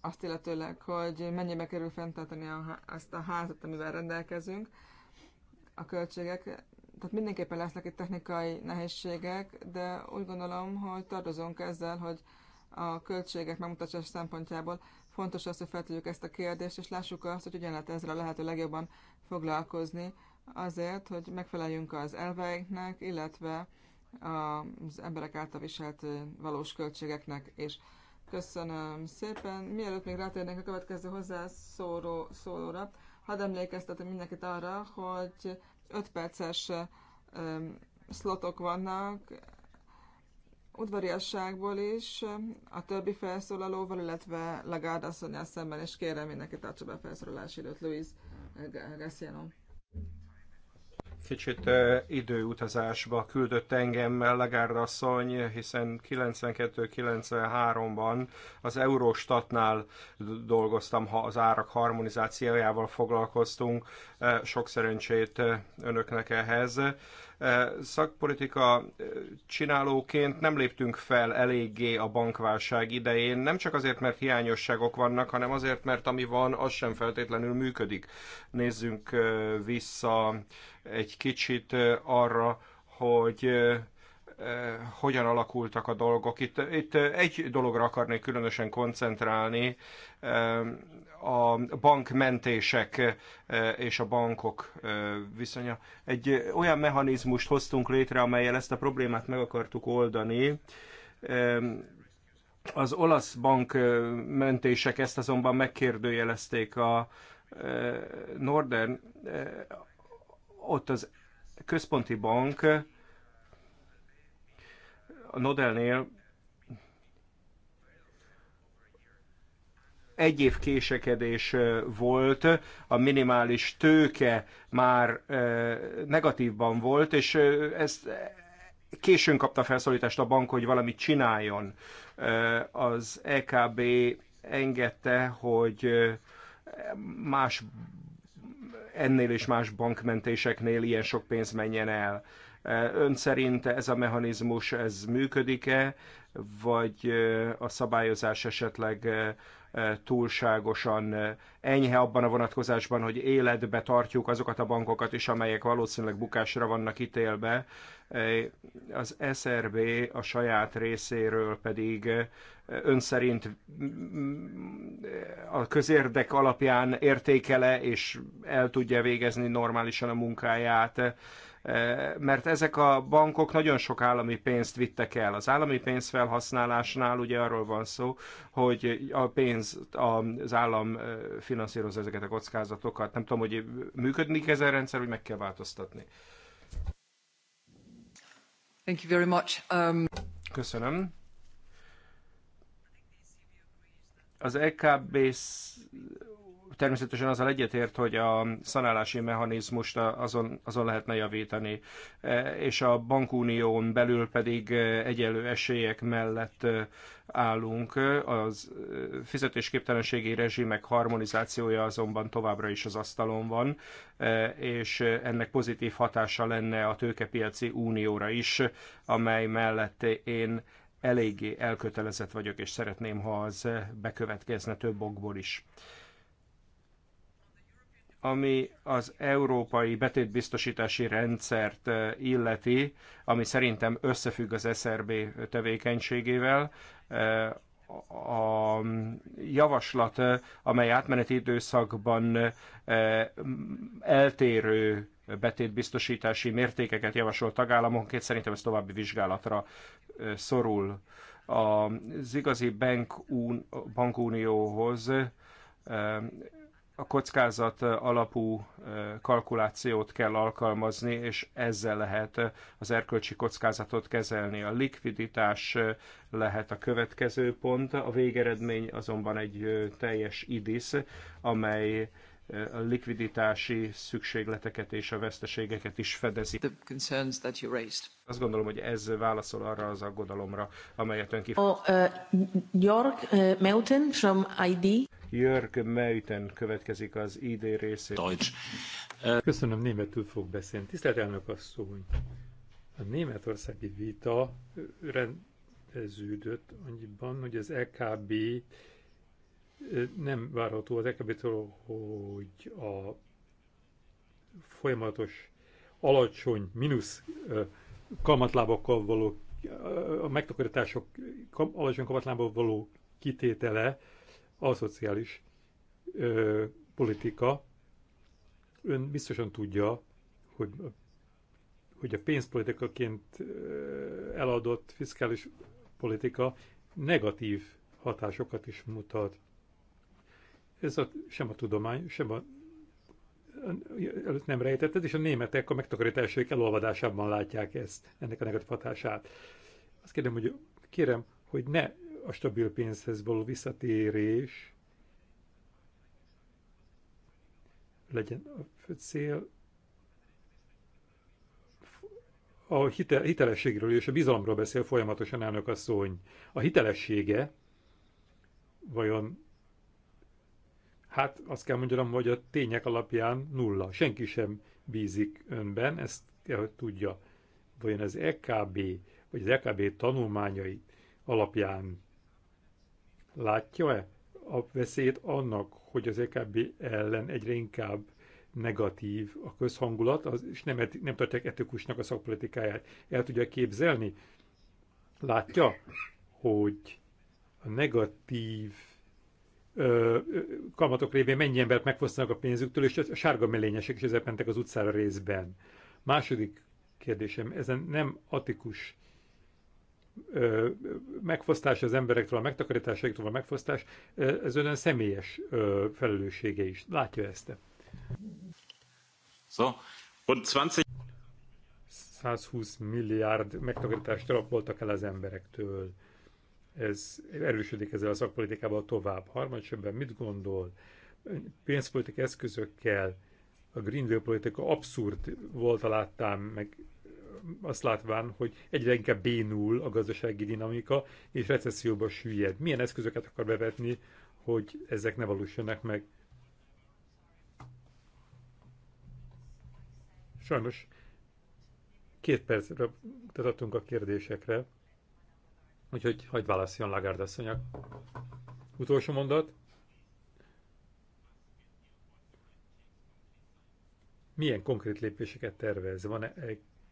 azt illetőleg, hogy mennyibe kerül fenntartani a, azt a házat, amivel rendelkezünk a költségek. Tehát mindenképpen lesznek itt technikai nehézségek, de úgy gondolom, hogy tartozunk ezzel, hogy a költségek megmutatás szempontjából fontos az, hogy feltegyük ezt a kérdést, és lássuk azt, hogy ugyan lehet ezzel a lehető legjobban foglalkozni, azért, hogy megfeleljünk az elveinknek, illetve az emberek által viselt valós költségeknek, és köszönöm szépen. Mielőtt még rátérnénk a következő hozzászólóra, Hadd emlékeztetem mindenkit arra, hogy 5 perces szlotok vannak, udvariasságból is a többi felszólalóval, illetve Lagarde asszonyjal szemben, és kérem mindenkit tartsa be a felszólalási időt, Luis Gassiano kicsit időutazásba küldött engem Legárd asszony, hiszen 92-93-ban az Eurostatnál dolgoztam, ha az árak harmonizációjával foglalkoztunk. Sok szerencsét önöknek ehhez. Szakpolitika csinálóként nem léptünk fel eléggé a bankválság idején, nem csak azért, mert hiányosságok vannak, hanem azért, mert ami van, az sem feltétlenül működik. Nézzünk vissza egy kicsit arra, hogy hogyan alakultak a dolgok. Itt, itt egy dologra akarnék különösen koncentrálni, a bankmentések és a bankok viszonya. Egy olyan mechanizmust hoztunk létre, amelyel ezt a problémát meg akartuk oldani. Az olasz bankmentések ezt azonban megkérdőjelezték a Northern ott az központi bank a Nodelnél egy év késekedés volt, a minimális tőke már negatívban volt, és ezt későn kapta felszólítást a bank, hogy valamit csináljon. Az EKB engedte, hogy más ennél és más bankmentéseknél ilyen sok pénz menjen el. E, ön szerint ez a mechanizmus ez működik-e, vagy e, a szabályozás esetleg e, túlságosan enyhe abban a vonatkozásban, hogy életbe tartjuk azokat a bankokat is, amelyek valószínűleg bukásra vannak ítélve. Az SRB a saját részéről pedig ön szerint a közérdek alapján értékele és el tudja végezni normálisan a munkáját mert ezek a bankok nagyon sok állami pénzt vittek el. Az állami pénz felhasználásnál ugye arról van szó, hogy a pénz, az állam finanszírozza ezeket a kockázatokat. Nem tudom, hogy működik ez a rendszer, hogy meg kell változtatni. Thank you very much. Um... Köszönöm. Az EKB természetesen azzal egyetért, hogy a szanálási mechanizmust azon, azon lehetne javítani, e, és a bankunión belül pedig e, egyelő esélyek mellett e, állunk. Az fizetésképtelenségi rezsimek harmonizációja azonban továbbra is az asztalon van, és ennek pozitív hatása lenne a tőkepiaci unióra is, amely mellett én eléggé elkötelezett vagyok, és szeretném, ha az bekövetkezne több okból is ami az európai betétbiztosítási rendszert illeti, ami szerintem összefügg az SRB tevékenységével. A javaslat, amely átmeneti időszakban eltérő betétbiztosítási mértékeket javasolt tagállamonként, szerintem ez további vizsgálatra szorul. Az igazi bankunióhoz a kockázat alapú kalkulációt kell alkalmazni, és ezzel lehet az erkölcsi kockázatot kezelni. A likviditás lehet a következő pont, a végeredmény azonban egy teljes idisz, amely a likviditási szükségleteket és a veszteségeket is fedezi. The concerns that you raised. Azt gondolom, hogy ez válaszol arra az aggodalomra, amelyet ön kifejezett. Oh, uh, York uh, Melton from ID. Jörg Meuten következik az ID részét. Deutsch. Köszönöm, németül fog beszélni. Tisztelt elnök asszony! A németországi vita rendeződött annyiban, hogy az EKB nem várható az ekb hogy a folyamatos alacsony mínusz kamatlábakkal való a megtakarítások alacsony kamatlábakkal való kitétele aszociális ö, politika. Ön biztosan tudja, hogy, hogy a pénzpolitikaként eladott fiskális politika negatív hatásokat is mutat. Ez a, sem a tudomány, sem a előtt nem rejtetted, és a németek a megtakarításaik elolvadásában látják ezt, ennek a negatív hatását. Azt kérdem, hogy kérem, hogy ne a stabil pénzhez való visszatérés legyen a fő cél, a hitelességről és a bizalomról beszél folyamatosan elnök asszony. A hitelessége vajon, hát azt kell mondjam, hogy a tények alapján nulla. Senki sem bízik önben, ezt kell, hogy tudja. Vajon az EKB, vagy az EKB tanulmányai alapján Látja-e a veszélyt annak, hogy az EKB ellen egyre inkább negatív a közhangulat, az, és nem, nem tartják etikusnak a szakpolitikáját. El tudja képzelni? Látja, hogy a negatív ö, ö, kamatok révén mennyi embert megfosztanak a pénzüktől, és a sárga melényesek is ezek mentek az utcára részben. Második kérdésem, ezen nem atikus megfosztás az emberektől, a megtakarításaiktól a megfosztás, ez önön személyes felelőssége is. Látja ezt? So, und 20... 120 milliárd megtakarítást raboltak el az emberektől. Ez erősödik ezzel a szakpolitikával tovább. Harmadsebben mit gondol? Pénzpolitikai eszközökkel a Green Deal politika abszurd volt a láttám, meg azt látván, hogy egyre inkább bénul a gazdasági dinamika, és recesszióba süllyed. Milyen eszközöket akar bevetni, hogy ezek ne valósulnak meg? Sajnos két percre tartottunk a kérdésekre, úgyhogy hagyd válaszoljon Lagarde asszonyak. Utolsó mondat. Milyen konkrét lépéseket tervez? Van-e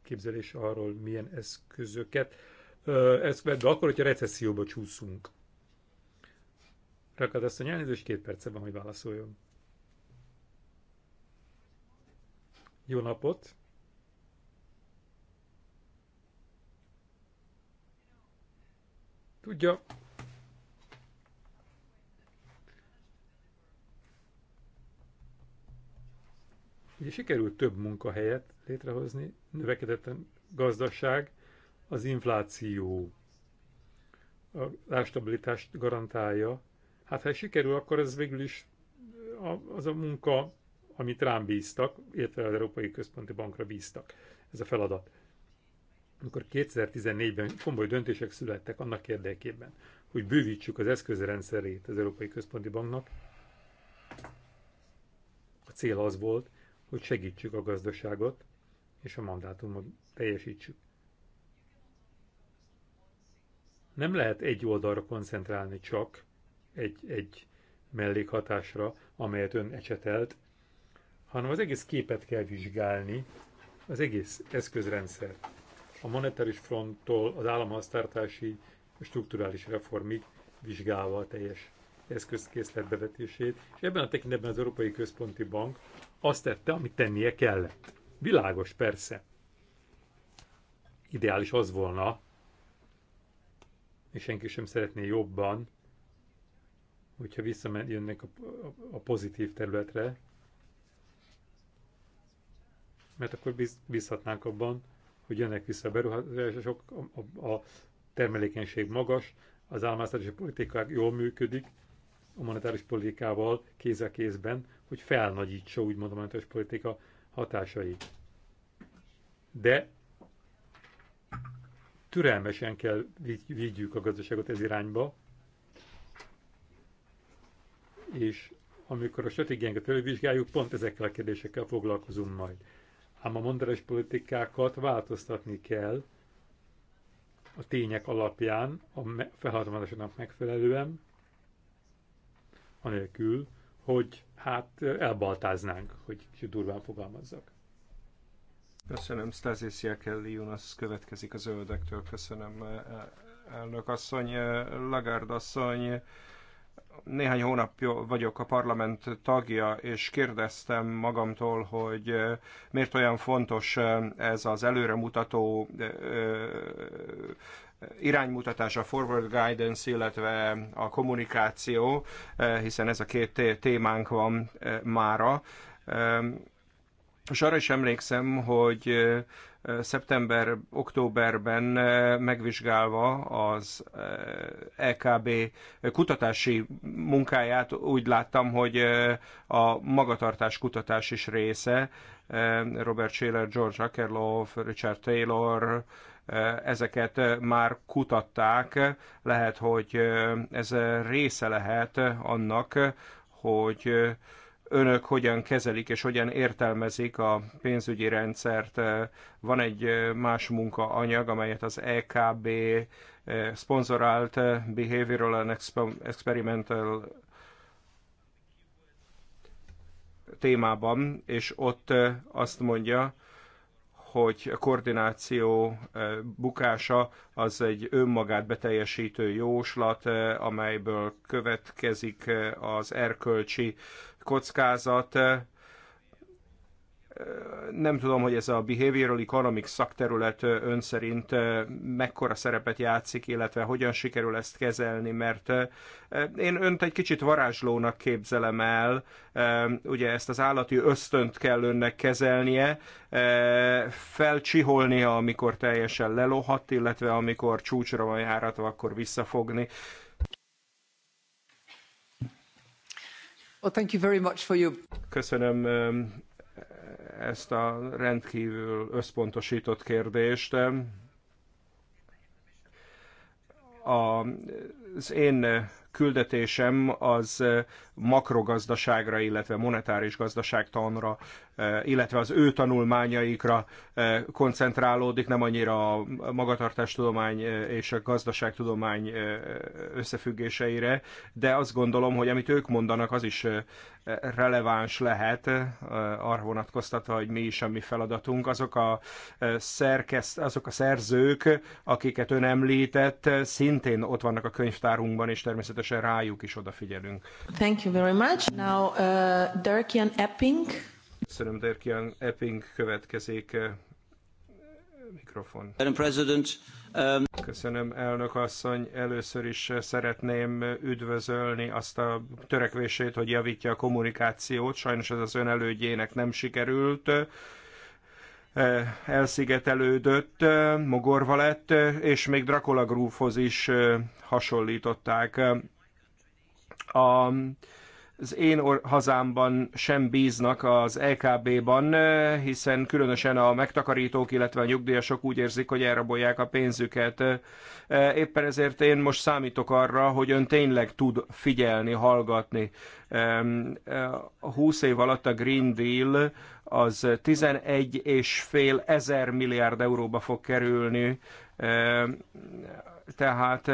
elképzelése arról, milyen eszközöket ezt de akkor, hogyha recesszióba csúszunk. Rakad ezt a elnézést, két perce van, hogy válaszoljon. Jó napot! Tudja, Ugye sikerült több munkahelyet létrehozni, növekedett a gazdaság, az infláció a lástabilitást garantálja. Hát ha sikerül, akkor ez végül is az a munka, amit rám bíztak, illetve az Európai Központi Bankra bíztak. Ez a feladat. Amikor 2014-ben komoly döntések születtek annak érdekében, hogy bővítsük az eszközrendszerét az Európai Központi Banknak, a cél az volt, hogy segítsük a gazdaságot, és a mandátumot teljesítsük. Nem lehet egy oldalra koncentrálni csak, egy, egy mellékhatásra, amelyet ön ecsetelt, hanem az egész képet kell vizsgálni, az egész eszközrendszer, A monetáris fronttól az államhasztártási strukturális reformig vizsgálva a teljes eszközkészlet bevetését, és ebben a tekintetben az Európai Központi Bank azt tette, amit tennie kellett. Világos, persze. Ideális az volna, és senki sem szeretné jobban, hogyha visszajönnek a, a pozitív területre, mert akkor bízhatnánk abban, hogy jönnek vissza a beruházások, a, a termelékenység magas, az államháztartási politikák jól működik, a monetáris politikával kéz a kézben, hogy felnagyítsa úgymond a monetáris politika hatásai. De türelmesen kell vigyük a gazdaságot ez irányba, és amikor a stratégiánkat felvizsgáljuk, pont ezekkel a kérdésekkel foglalkozunk majd. Ám a mondanos politikákat változtatni kell a tények alapján, a felhatalmazásának megfelelően, anélkül, hogy hát elbaltáznánk, hogy durván fogalmazzak. Köszönöm, Stasis Jekeli Jonas következik a zöldektől. Köszönöm, elnök asszony, Lagard asszony. Néhány hónap vagyok a parlament tagja, és kérdeztem magamtól, hogy miért olyan fontos ez az előremutató iránymutatás, a forward guidance, illetve a kommunikáció, eh, hiszen ez a két témánk van eh, mára. Ehm, és arra is emlékszem, hogy eh, szeptember, októberben megvizsgálva az EKB e kutatási munkáját úgy láttam, hogy a magatartás kutatás is része. Ehm, Robert Schiller, George Akerlof, Richard Taylor, Eh, ezeket eh, már kutatták, lehet, hogy eh, ez része lehet annak, hogy önök hogyan kezelik és hogyan értelmezik a pénzügyi rendszert. Van egy más munkaanyag, amelyet az EKB szponzorált Behavioral and Experimental témában, és ott azt mondja, hogy a koordináció eh, bukása az egy önmagát beteljesítő jóslat, eh, amelyből következik eh, az erkölcsi kockázat, nem tudom, hogy ez a behavioral economics szakterület ön szerint mekkora szerepet játszik, illetve hogyan sikerül ezt kezelni, mert én önt egy kicsit varázslónak képzelem el, ugye ezt az állati ösztönt kell önnek kezelnie, felcsiholnia, amikor teljesen lelohadt, illetve amikor csúcsra van járatva, akkor visszafogni. Well, thank you very much for your... Köszönöm ezt a rendkívül összpontosított kérdést. A az én küldetésem az makrogazdaságra, illetve monetáris gazdaságtanra, illetve az ő tanulmányaikra koncentrálódik, nem annyira a magatartástudomány és a gazdaságtudomány összefüggéseire, de azt gondolom, hogy amit ők mondanak, az is releváns lehet, arra vonatkoztatva, hogy mi is a mi feladatunk. Azok a, szerkeszt, azok a szerzők, akiket ön említett, szintén ott vannak a könyvtárban, naptárunkban, és természetesen rájuk is odafigyelünk. Thank you very much. Now uh, Dirkian Epping. Köszönöm, Dirkian Epping következik uh, mikrofon. President, um, Köszönöm, elnök asszony. Először is uh, szeretném uh, üdvözölni azt a törekvését, hogy javítja a kommunikációt. Sajnos ez az ön elődjének nem sikerült elszigetelődött, mogorva lett, és még Dracula Groove-hoz is hasonlították. A, az én hazámban sem bíznak az LKB-ban, e hiszen különösen a megtakarítók, illetve a nyugdíjasok úgy érzik, hogy elrabolják a pénzüket. Éppen ezért én most számítok arra, hogy ön tényleg tud figyelni, hallgatni. 20 év alatt a Green Deal az 11 és fél ezer milliárd euróba fog kerülni, tehát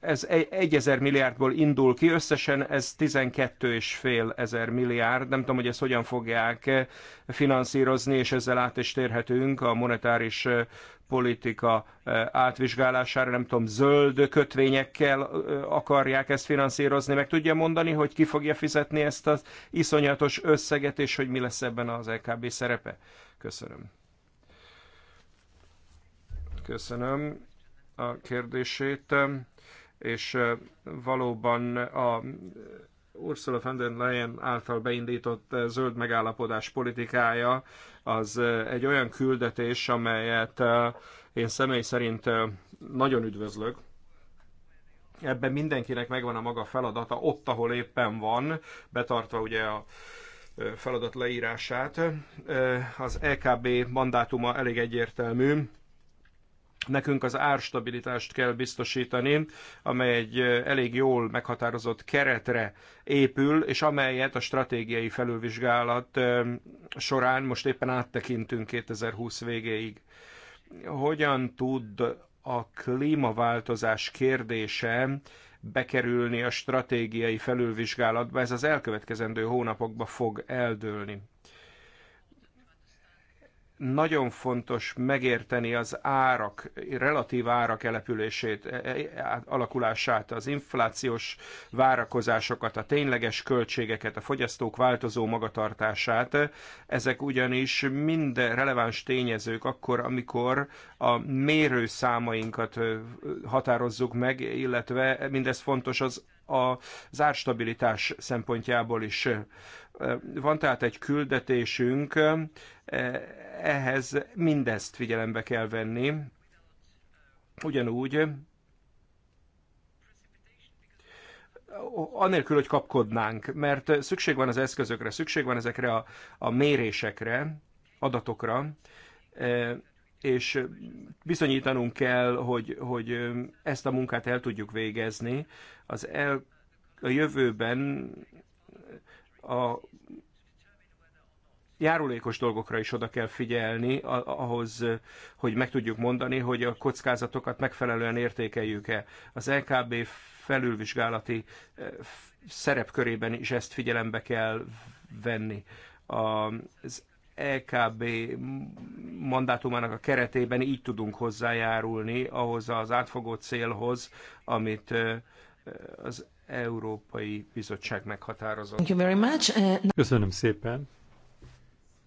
ez 1 ezer milliárdból indul ki, összesen ez 12 és fél ezer milliárd, nem tudom, hogy ezt hogyan fogják finanszírozni, és ezzel át is térhetünk a monetáris politika eh, átvizsgálására, nem tudom, zöld kötvényekkel eh, akarják ezt finanszírozni, meg tudja mondani, hogy ki fogja fizetni ezt az iszonyatos összeget, és hogy mi lesz ebben az LKB e szerepe? Köszönöm. Köszönöm a kérdését, eh, és valóban a Ursula von der Leyen által beindított eh, zöld megállapodás politikája az eh, egy olyan küldetés, amelyet eh, én személy szerint nagyon üdvözlök. Ebben mindenkinek megvan a maga feladata, ott, ahol éppen van, betartva ugye a feladat leírását. Az EKB mandátuma elég egyértelmű, nekünk az árstabilitást kell biztosítani, amely egy elég jól meghatározott keretre épül, és amelyet a stratégiai felülvizsgálat során most éppen áttekintünk 2020 végéig. Hogyan tud a klímaváltozás kérdése bekerülni a stratégiai felülvizsgálatba? Ez az elkövetkezendő hónapokba fog eldőlni nagyon fontos megérteni az árak, relatív árak elepülését, e, e, alakulását, az inflációs várakozásokat, a tényleges költségeket, a fogyasztók változó magatartását. Ezek ugyanis mind releváns tényezők akkor, amikor a mérőszámainkat határozzuk meg, illetve mindez fontos az a zárstabilitás szempontjából is. Van tehát egy küldetésünk, ehhez mindezt figyelembe kell venni. Ugyanúgy, anélkül, hogy kapkodnánk, mert szükség van az eszközökre, szükség van ezekre a, a mérésekre, adatokra, és bizonyítanunk kell, hogy, hogy ezt a munkát el tudjuk végezni. Az el, a jövőben a járulékos dolgokra is oda kell figyelni ahhoz, hogy meg tudjuk mondani, hogy a kockázatokat megfelelően értékeljük-e. Az LKB felülvizsgálati eh, szerepkörében is ezt figyelembe kell venni. Az LKB mandátumának a keretében így tudunk hozzájárulni ahhoz az átfogó célhoz, amit eh, az Európai Bizottság meghatározott. Thank you very much. Uh, Köszönöm szépen.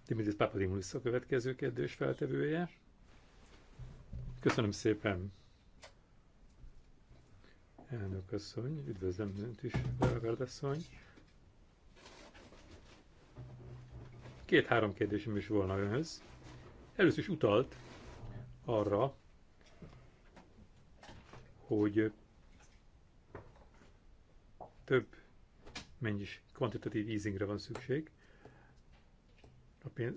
Dimitris Papadimoulis a következő kérdés feltevője. Köszönöm szépen. Elnök asszony, üdvözlöm önt is, Belgárd asszony. Két-három kérdésem is volna önhöz. Először is utalt arra, hogy több mennyis kvantitatív easingre van szükség a, pénz,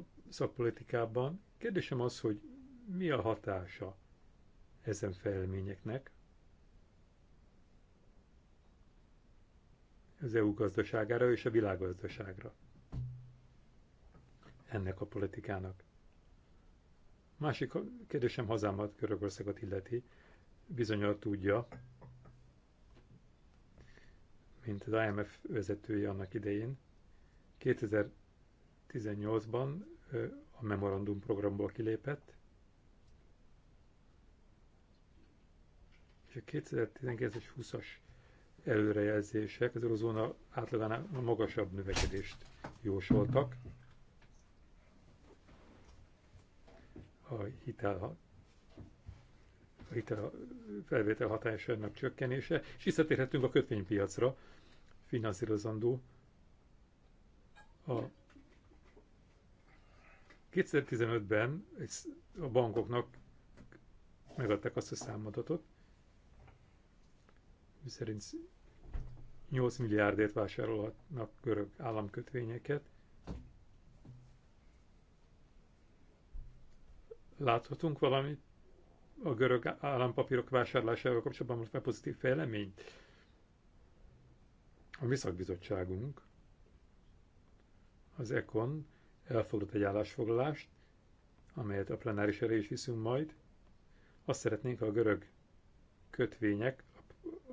a szakpolitikában. Kérdésem az, hogy mi a hatása ezen fejleményeknek az EU gazdaságára és a világgazdaságra ennek a politikának. Másik kérdésem hazámat, Görögországot illeti, bizonyal tudja, mint az IMF vezetője annak idején. 2018-ban a memorandum programból kilépett, és a 2019-es 20-as előrejelzések az eurozóna átlagánál magasabb növekedést jósoltak. A hitel a hitel felvétel hatásának csökkenése, és visszatérhetünk a kötvénypiacra, finanszírozandó. A 2015-ben a bankoknak megadták azt a számadatot, miszerint 8 milliárdért vásárolhatnak görög államkötvényeket. Láthatunk valamit a görög állampapírok vásárlásával kapcsolatban most már pozitív fejleményt? A mi szakbizottságunk, az ECON elfogadott egy állásfoglalást, amelyet a plenáris elé is viszünk majd. Azt szeretnénk, ha a görög kötvények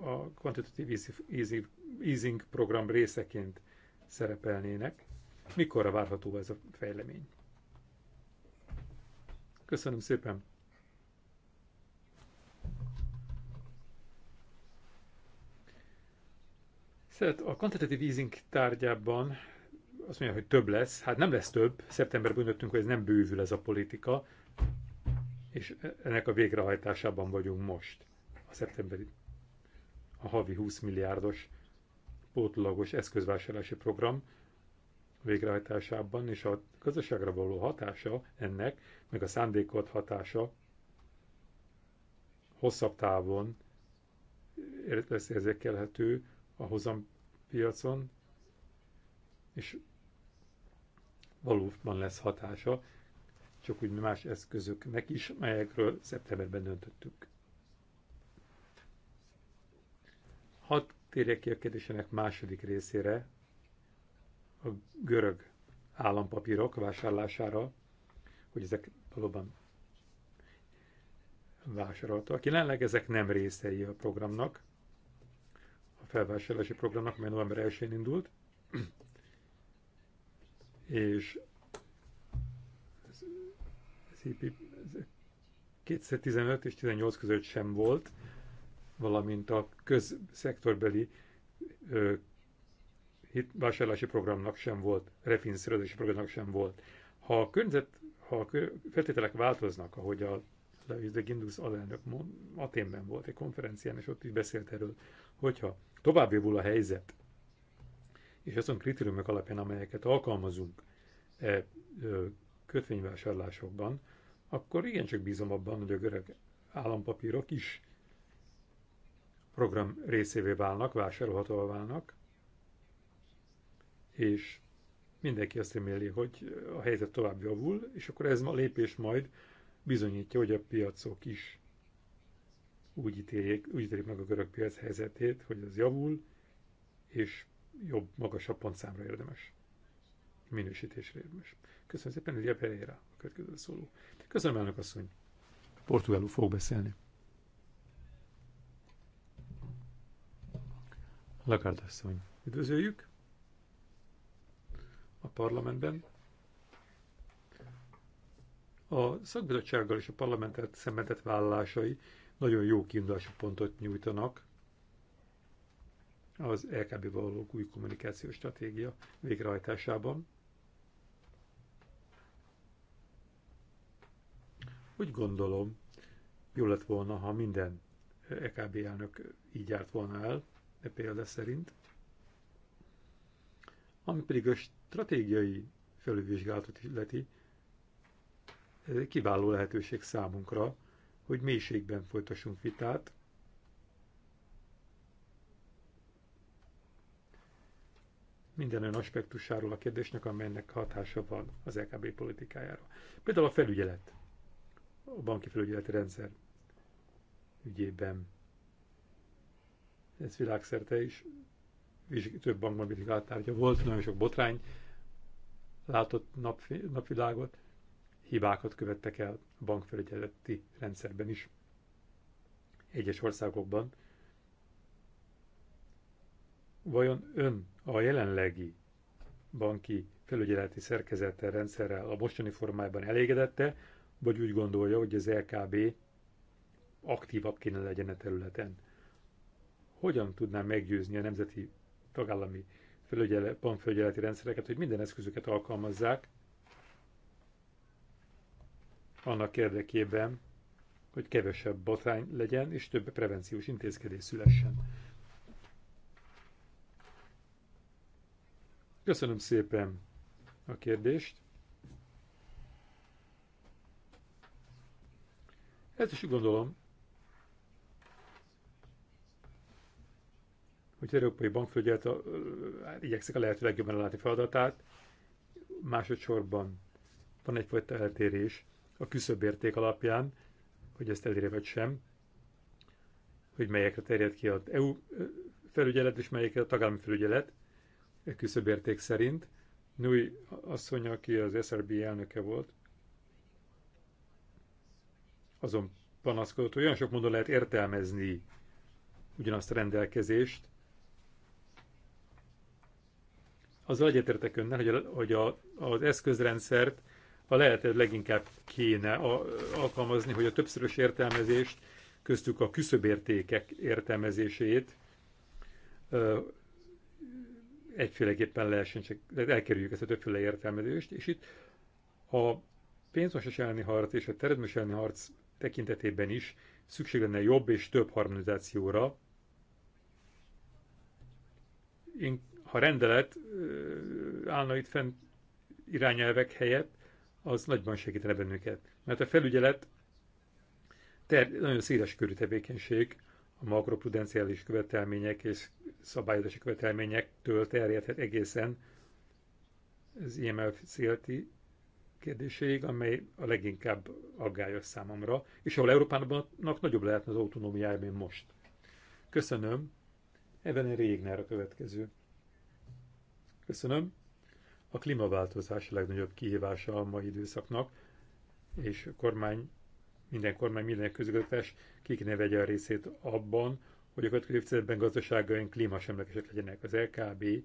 a quantitative easing program részeként szerepelnének. Mikorra várható ez a fejlemény? Köszönöm szépen! Szeret, szóval a quantitative easing tárgyában azt mondja, hogy több lesz. Hát nem lesz több. Szeptemberben döntöttünk, hogy ez nem bővül ez a politika, és e- ennek a végrehajtásában vagyunk most. A szeptemberi, a havi 20 milliárdos pótlagos eszközvásárlási program végrehajtásában, és a gazdaságra való hatása ennek, meg a szándékot hatása hosszabb távon lesz érzékelhető, a hozam piacon, és valóban lesz hatása, csak úgy más eszközöknek is, melyekről szeptemberben döntöttük. Hadd térjek ki a kérdésének második részére, a görög állampapírok vásárlására, hogy ezek valóban vásároltak. Jelenleg ezek nem részei a programnak, a felvásárlási programnak, mely november 1-én indult, [clears throat] és az, 2015 e és 18 között sem volt, valamint a közszektorbeli ö, vásárlási programnak sem volt, refinanszírozási programnak sem volt. Ha a környezet, ha a feltételek változnak, ahogy a Davis de Gindus alelnök Aténben volt egy konferencián, és ott is beszélt erről, hogyha tovább javul a helyzet, és azon kritériumok alapján, amelyeket alkalmazunk e, kötvényvásárlásokban, akkor igencsak bízom abban, hogy a görög állampapírok is program részévé válnak, vásárolhatóvá válnak, és mindenki azt reméli, hogy a helyzet tovább javul, és akkor ez a lépés majd bizonyítja, hogy a piacok is úgy ítélik, úgy ítélik meg a görög piac helyzetét, hogy az javul, és jobb, magasabb pontszámra érdemes. Minősítésre érdemes. Köszönöm szépen, Lidia Pereira, a következő szóló. Köszönöm, elnök asszony. Portugálul fog beszélni. Lagarde asszony. Üdvözöljük a parlamentben. A szakbizottsággal és a parlamentet szemetett vállalásai nagyon jó kiindulási pontot nyújtanak az LKB való új kommunikációs stratégia végrehajtásában. Úgy gondolom, jó lett volna, ha minden EKB elnök így járt volna el, e példa szerint. Ami pedig a stratégiai felülvizsgálatot illeti, kiváló lehetőség számunkra, hogy mélységben folytassunk vitát. Minden olyan aspektusáról a kérdésnek, amelynek hatása van az LKB politikájára. Például a felügyelet, a banki felügyeleti rendszer ügyében. Ez világszerte is több bankban vizsgált tárgya volt, nagyon sok botrány látott nap, napvilágot hibákat követtek el a bankfelügyeleti rendszerben is. Egyes országokban. Vajon ön a jelenlegi banki felügyeleti szerkezettel, rendszerrel a mostani formájában elégedette, vagy úgy gondolja, hogy az LKB aktívabb kéne legyen a e területen? Hogyan tudná meggyőzni a nemzeti tagállami bankfelügyeleti rendszereket, hogy minden eszközöket alkalmazzák, annak érdekében, hogy kevesebb botrány legyen, és több prevenciós intézkedés szülessen. Köszönöm szépen a kérdést. Ezt is úgy gondolom, hogy az Európai Bankfelügyelet igyekszik a lehető legjobban látni feladatát. Másodszorban van egyfajta eltérés a küszöbérték alapján, hogy ezt elérje vagy sem, hogy melyekre terjed ki az EU felügyelet és melyekre a tagállami felügyelet, e küszöbérték szerint. Nui asszony, aki az SRB elnöke volt, azon panaszkodott, hogy olyan sok módon lehet értelmezni ugyanazt a rendelkezést. Azzal egyetértek önnel, hogy, a, hogy a, az eszközrendszert a lehetőleg leginkább kéne a, alkalmazni, hogy a többszörös értelmezést, köztük a küszöbértékek értelmezését ö, egyféleképpen lehessen, csak elkerüljük ezt a többféle értelmezést, és itt a pénzmosás elleni harc és a teremtés elleni harc tekintetében is szükség lenne jobb és több harmonizációra. Én, ha rendelet állna itt fent irányelvek helyett, az nagyban segítene bennünket. Mert a felügyelet ter- nagyon széles körű tevékenység, a makroprudenciális követelmények és szabályozási követelményektől terjedhet egészen az IMF szélti kérdéséig, amely a leginkább aggályos számomra, és ahol Európának nagyobb lehetne az autonómiája, mint most. Köszönöm. a Régner a következő. Köszönöm. A klímaváltozás a legnagyobb kihívása a mai időszaknak, és a kormány, minden kormány, minden közigazgatás ki kéne vegye a részét abban, hogy a következő évtizedben gazdaságaink klímasemlegesek legyenek. Az LKB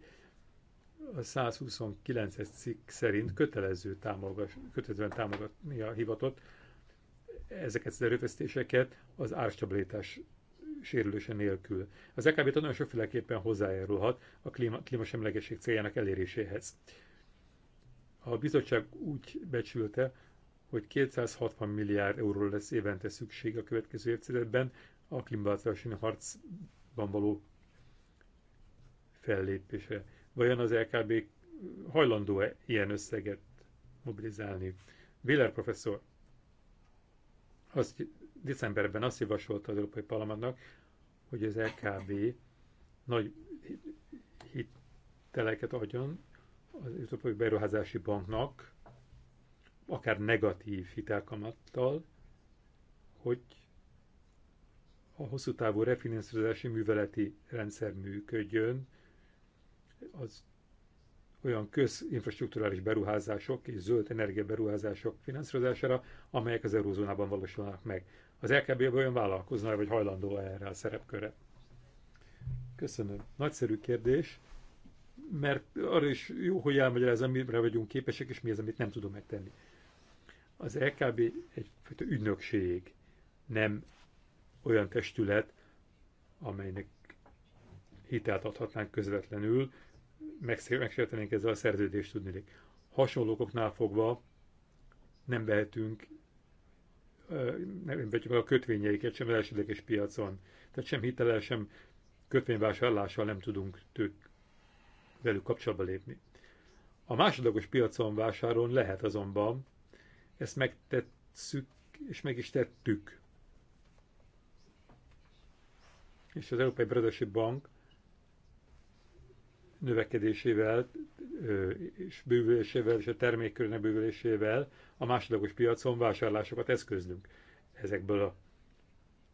a 129-es cikk szerint kötelező támogat, kötelezően a hivatott ezeket az erőfeszítéseket az árstabilitás sérülése nélkül. Az EKB nagyon sokféleképpen hozzájárulhat a klíma, klímasemlegesség céljának eléréséhez. A bizottság úgy becsülte, hogy 260 milliárd euró lesz évente szükség a következő évtizedben a klímaváltozási harcban való fellépésre. Vajon az LKB hajlandó-e ilyen összeget mobilizálni? Béler professzor azt, decemberben azt javasolta az Európai Parlamentnak, hogy az LKB nagy hiteleket adjon az Európai Beruházási Banknak, akár negatív hitelkamattal, hogy a hosszú távú refinanszírozási műveleti rendszer működjön, az olyan közinfrastruktúrális beruházások és zöld energiaberuházások finanszírozására, amelyek az eurózónában valósulnak meg. Az LKB olyan vállalkozna, vagy hajlandó erre a szerepkörre? Köszönöm. Nagyszerű kérdés mert arra is jó, hogy elmagyarázom, mire vagyunk képesek, és mi az, amit nem tudom megtenni. Az LKB egyfajta ügynökség, nem olyan testület, amelynek hitelt adhatnánk közvetlenül, megsértenénk ezzel a szerződést tudni. Hasonlókoknál fogva nem vehetünk nem vehetjük a kötvényeiket sem elsődleges piacon. Tehát sem hitelel, sem kötvényvásárlással nem tudunk tők, velük kapcsolatba lépni. A másodlagos piacon vásáron lehet azonban, ezt megtetszük, és meg is tettük. És az Európai Brothership Bank növekedésével és bővülésével és a termékkörnek bővülésével a másodlagos piacon vásárlásokat eszközlünk ezekből a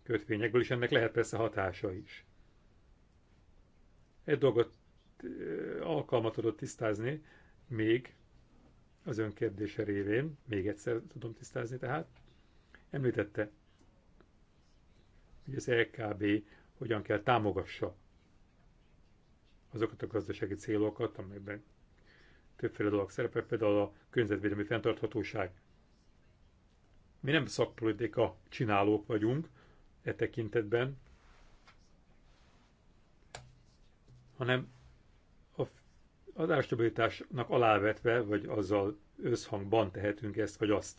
kötvényekből, és ennek lehet persze hatása is. Egy dolgot alkalmat tisztázni még az önkérdése révén, még egyszer tudom tisztázni tehát, említette, hogy az LKB hogyan kell támogassa azokat a gazdasági célokat, amelyben többféle dolog szerepel, például a környezetvédelmi fenntarthatóság. Mi nem szakpolitika csinálók vagyunk e tekintetben, hanem az árstabilitásnak alávetve, vagy azzal összhangban tehetünk ezt, vagy azt.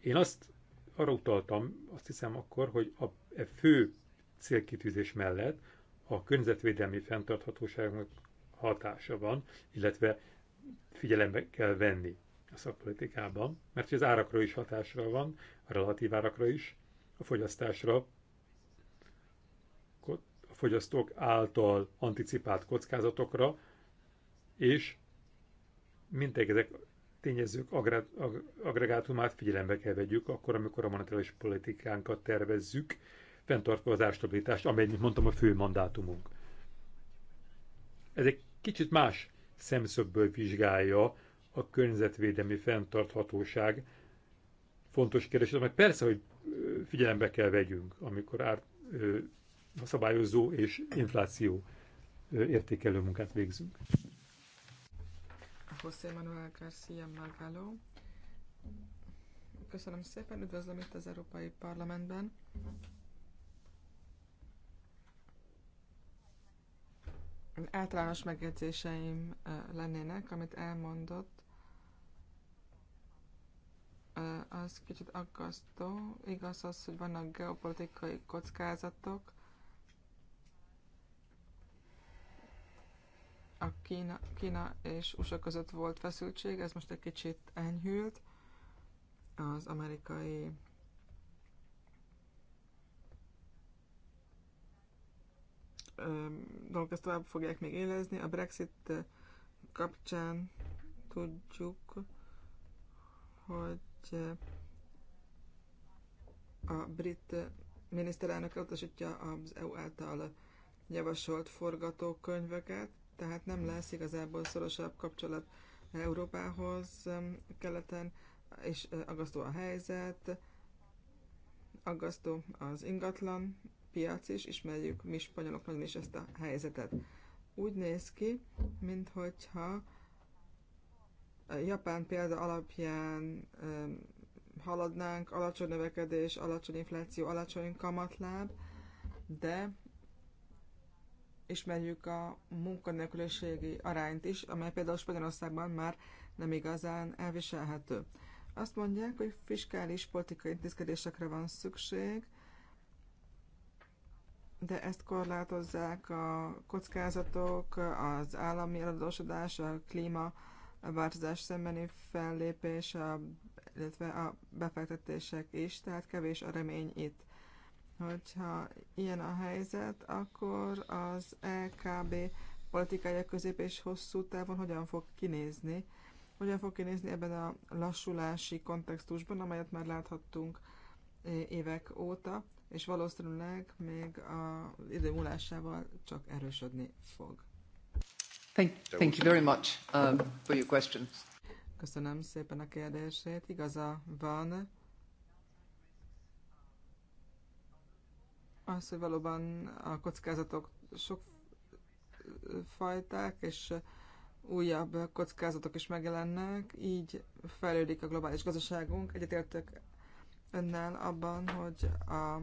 Én azt arra utaltam, azt hiszem akkor, hogy a e fő célkitűzés mellett a környezetvédelmi fenntarthatóságnak hatása van, illetve figyelembe kell venni a szakpolitikában, mert az árakra is hatásra van, a relatív árakra is, a fogyasztásra, a fogyasztók által anticipált kockázatokra, és mindegy ezek tényezők agregátumát figyelembe kell vegyük, akkor, amikor a monetáris politikánkat tervezzük, fenntartva az árstabilitást, amely, mint mondtam, a fő mandátumunk. Ez egy kicsit más szemszögből vizsgálja a környezetvédelmi fenntarthatóság fontos kérdés, amely persze, hogy figyelembe kell vegyünk, amikor ár, szabályozó és infláció értékelő munkát végzünk. José Manuel García Margallo. Köszönöm szépen, üdvözlöm itt az Európai Parlamentben. Általános megjegyzéseim lennének, amit elmondott, az kicsit aggasztó. Igaz az, hogy vannak geopolitikai kockázatok, a Kína, Kína és USA között volt feszültség, ez most egy kicsit enyhült. Az amerikai dolgok ezt tovább fogják még élezni. A Brexit kapcsán tudjuk, hogy a brit miniszterelnök utasítja az EU által javasolt forgatókönyveket, tehát nem lesz igazából szorosabb kapcsolat Európához keleten, és aggasztó a helyzet, aggasztó az ingatlan piac is, ismerjük mi spanyolok nagyon is ezt a helyzetet. Úgy néz ki, minthogyha Japán példa alapján haladnánk, alacsony növekedés, alacsony infláció, alacsony kamatláb, de ismerjük a munkanélküliségi arányt is, amely például Spanyolországban már nem igazán elviselhető. Azt mondják, hogy fiskális politikai intézkedésekre van szükség, de ezt korlátozzák a kockázatok, az állami eladósodás, a klíma, a változás szembeni fellépés, a, illetve a befektetések is, tehát kevés a remény itt hogyha ilyen a helyzet, akkor az LKB politikája közép és hosszú távon hogyan fog kinézni, hogyan fog kinézni ebben a lassulási kontextusban, amelyet már láthattunk évek óta, és valószínűleg még az idő múlásával csak erősödni fog. Thank, thank you very much um, for your questions. Köszönöm szépen a kérdését. Igaza van, az, hogy valóban a kockázatok sok fajták, és újabb kockázatok is megjelennek, így fejlődik a globális gazdaságunk. Egyetértek önnel abban, hogy a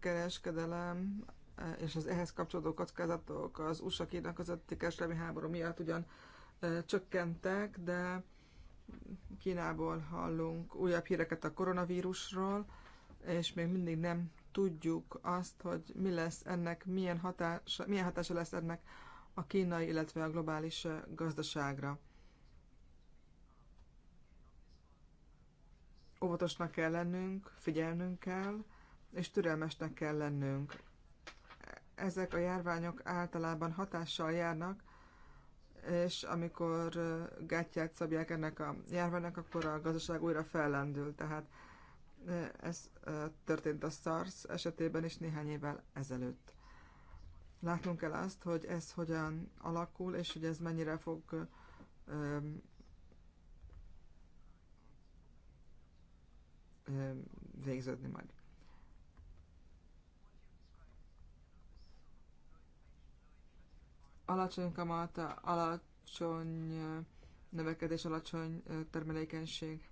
kereskedelem e, és az ehhez kapcsolódó kockázatok az USA Kína közötti kereskedelmi háború miatt ugyan e, csökkentek, de Kínából hallunk újabb híreket a koronavírusról, és még mindig nem tudjuk azt, hogy mi lesz ennek, milyen hatása, milyen hatása lesz ennek a kínai, illetve a globális gazdaságra. Óvatosnak kell lennünk, figyelnünk kell, és türelmesnek kell lennünk. Ezek a járványok általában hatással járnak, és amikor gátját szabják ennek a járványnak, akkor a gazdaság újra fellendül. Tehát ez történt a SARS esetében is néhány évvel ezelőtt. Látnunk kell azt, hogy ez hogyan alakul, és hogy ez mennyire fog végződni majd. Alacsony kamata, alacsony növekedés, alacsony termelékenység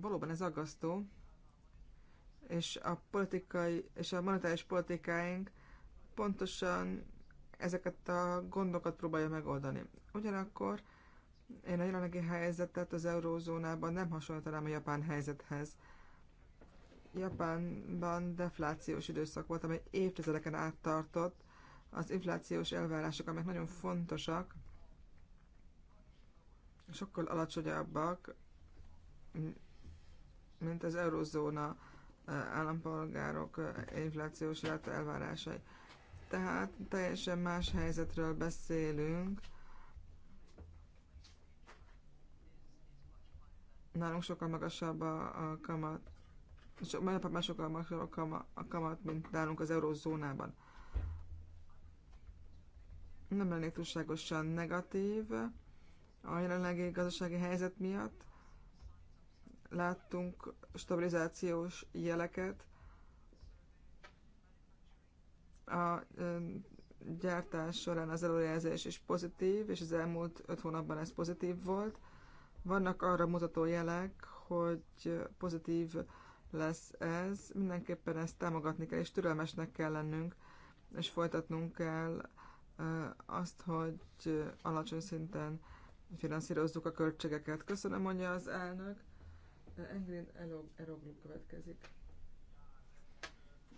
valóban ez aggasztó, és a politikai és a monetáris politikáink pontosan ezeket a gondokat próbálja megoldani. Ugyanakkor én a jelenlegi helyzetet az eurózónában nem hasonlítanám a japán helyzethez. Japánban deflációs időszak volt, amely évtizedeken át tartott. Az inflációs elvárások, amelyek nagyon fontosak, sokkal alacsonyabbak, mint az eurozóna állampolgárok inflációs ráta elvárásai. Tehát teljesen más helyzetről beszélünk. Nálunk sokkal magasabb a, a kamat, so, már sokkal magasabb a kamat, a kamat, mint nálunk az eurózónában. Nem lennék túlságosan negatív a jelenlegi gazdasági helyzet miatt, láttunk stabilizációs jeleket. A gyártás során az előrejelzés is pozitív, és az elmúlt öt hónapban ez pozitív volt. Vannak arra mutató jelek, hogy pozitív lesz ez, mindenképpen ezt támogatni kell, és türelmesnek kell lennünk, és folytatnunk kell azt, hogy alacsony szinten finanszírozzuk a költségeket. Köszönöm, mondja az elnök. Engrin Eroglu következik.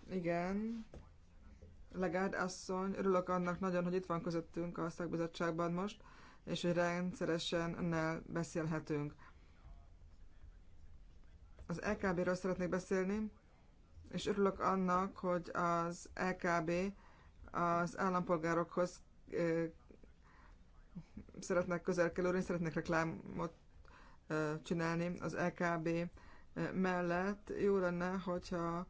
Igen. Legárd asszony, örülök annak nagyon, hogy itt van közöttünk a szakbizottságban most, és hogy rendszeresen önnel beszélhetünk. Az LKB-ről e szeretnék beszélni, és örülök annak, hogy az LKB e az állampolgárokhoz szeretnek közel kerülni, szeretnek reklámot csinálni az LKB e mellett. Jó lenne, hogyha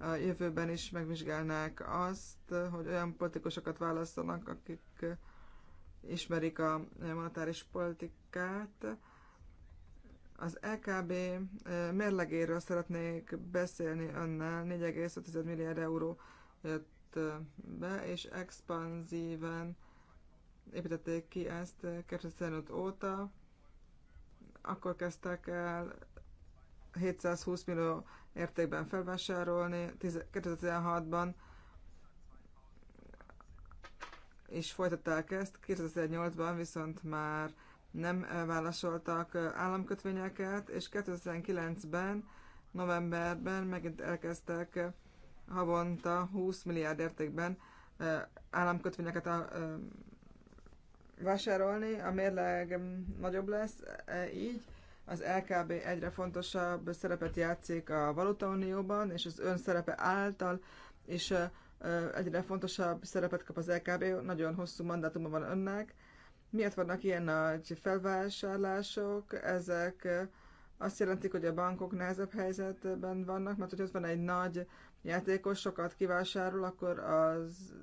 a jövőben is megvizsgálnák azt, hogy olyan politikusokat választanak, akik ismerik a monetáris politikát. Az LKB e mérlegéről szeretnék beszélni önnel. 4,5 milliárd euró jött be, és expanzíven építették ki ezt 2015 óta akkor kezdtek el 720 millió értékben felvásárolni, 2016-ban és folytatták ezt, 2008-ban viszont már nem válaszoltak államkötvényeket, és 2009-ben, novemberben megint elkezdtek havonta 20 milliárd értékben államkötvényeket vásárolni, a mérleg nagyobb lesz e, így. Az LKB egyre fontosabb szerepet játszik a valutaunióban, és az ön szerepe által, és e, e, egyre fontosabb szerepet kap az LKB, nagyon hosszú mandátuma van önnek. Miért vannak ilyen nagy felvásárlások? Ezek azt jelentik, hogy a bankok nehezebb helyzetben vannak, mert hogyha ott van egy nagy játékos, sokat kivásárol, akkor az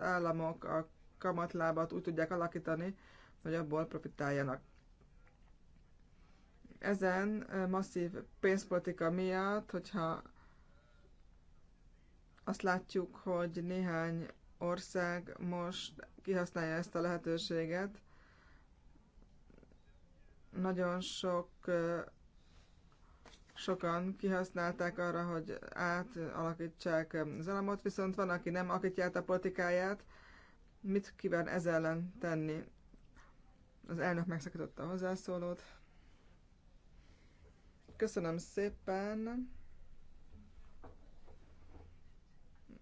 államok a kamatlábat úgy tudják alakítani, hogy abból profitáljanak. Ezen masszív pénzpolitika miatt, hogyha azt látjuk, hogy néhány ország most kihasználja ezt a lehetőséget, nagyon sok sokan kihasználták arra, hogy átalakítsák az államot, viszont van, aki nem alakítja át a politikáját, Mit kíván ez ellen tenni? Az elnök megszakította a hozzászólót. Köszönöm szépen.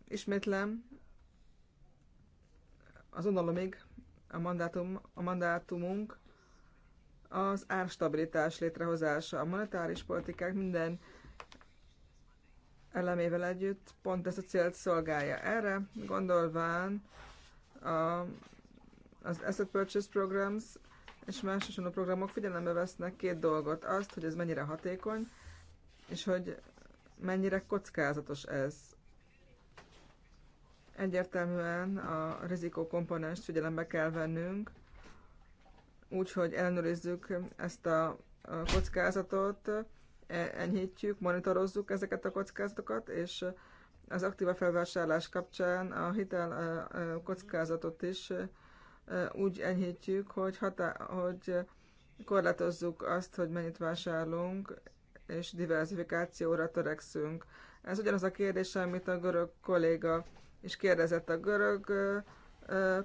Ismétlem, az még a, mandátum, a mandátumunk az árstabilitás létrehozása. A monetáris politikák minden elemével együtt pont ezt a célt szolgálja. Erre gondolván a, az Asset Purchase Programs és más hasonló programok figyelembe vesznek két dolgot. Azt, hogy ez mennyire hatékony, és hogy mennyire kockázatos ez. Egyértelműen a rizikó komponens figyelembe kell vennünk, úgyhogy ellenőrizzük ezt a kockázatot, e, enyhítjük, monitorozzuk ezeket a kockázatokat, és az aktíva felvásárlás kapcsán a hitel kockázatot is úgy enyhítjük, hogy, hatá- hogy korlátozzuk azt, hogy mennyit vásárlunk, és diversifikációra törekszünk. Ez ugyanaz a kérdés, amit a görög kolléga is kérdezett. A görög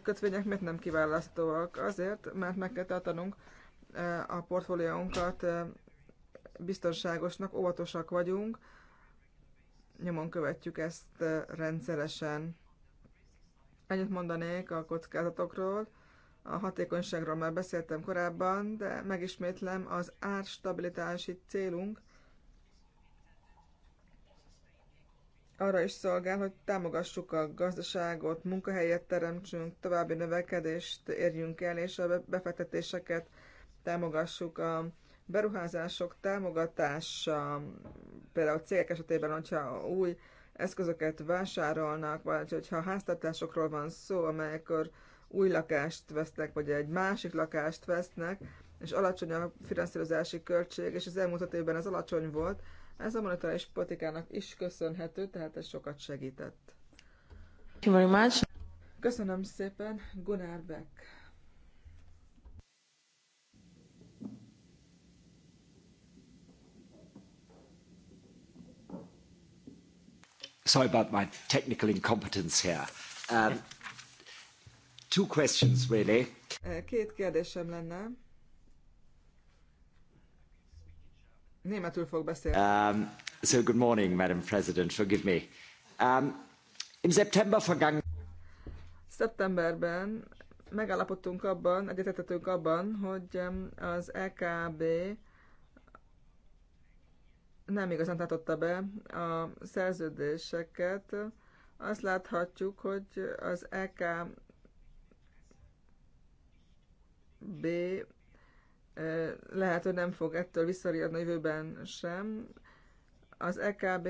kötvények miért nem kiválasztóak? Azért, mert meg kell tartanunk a portfóliónkat biztonságosnak, óvatosak vagyunk, nyomon követjük ezt rendszeresen. Ennyit mondanék a kockázatokról. A hatékonyságról már beszéltem korábban, de megismétlem, az árstabilitási célunk arra is szolgál, hogy támogassuk a gazdaságot, munkahelyet teremtsünk, további növekedést érjünk el, és a befektetéseket támogassuk a beruházások támogatása, például cégek esetében, hogyha új eszközöket vásárolnak, vagy hogyha háztartásokról van szó, amelyekor új lakást vesznek, vagy egy másik lakást vesznek, és alacsony a finanszírozási költség, és az elmúlt évben ez alacsony volt, ez a monetáris politikának is köszönhető, tehát ez sokat segített. Köszönöm szépen, Gunnar Beck. sorry about my technical incompetence here. Um, two questions, really. Két kérdésem lenne. Németül fog beszélni. Um, so good morning, Madam President, forgive me. Um, Im September vergangen... Szeptemberben megállapodtunk abban, egyetetettünk abban, hogy um, az EKB nem igazán tartotta be a szerződéseket. Azt láthatjuk, hogy az EKB lehet, hogy nem fog ettől visszariadni a jövőben sem. Az EKB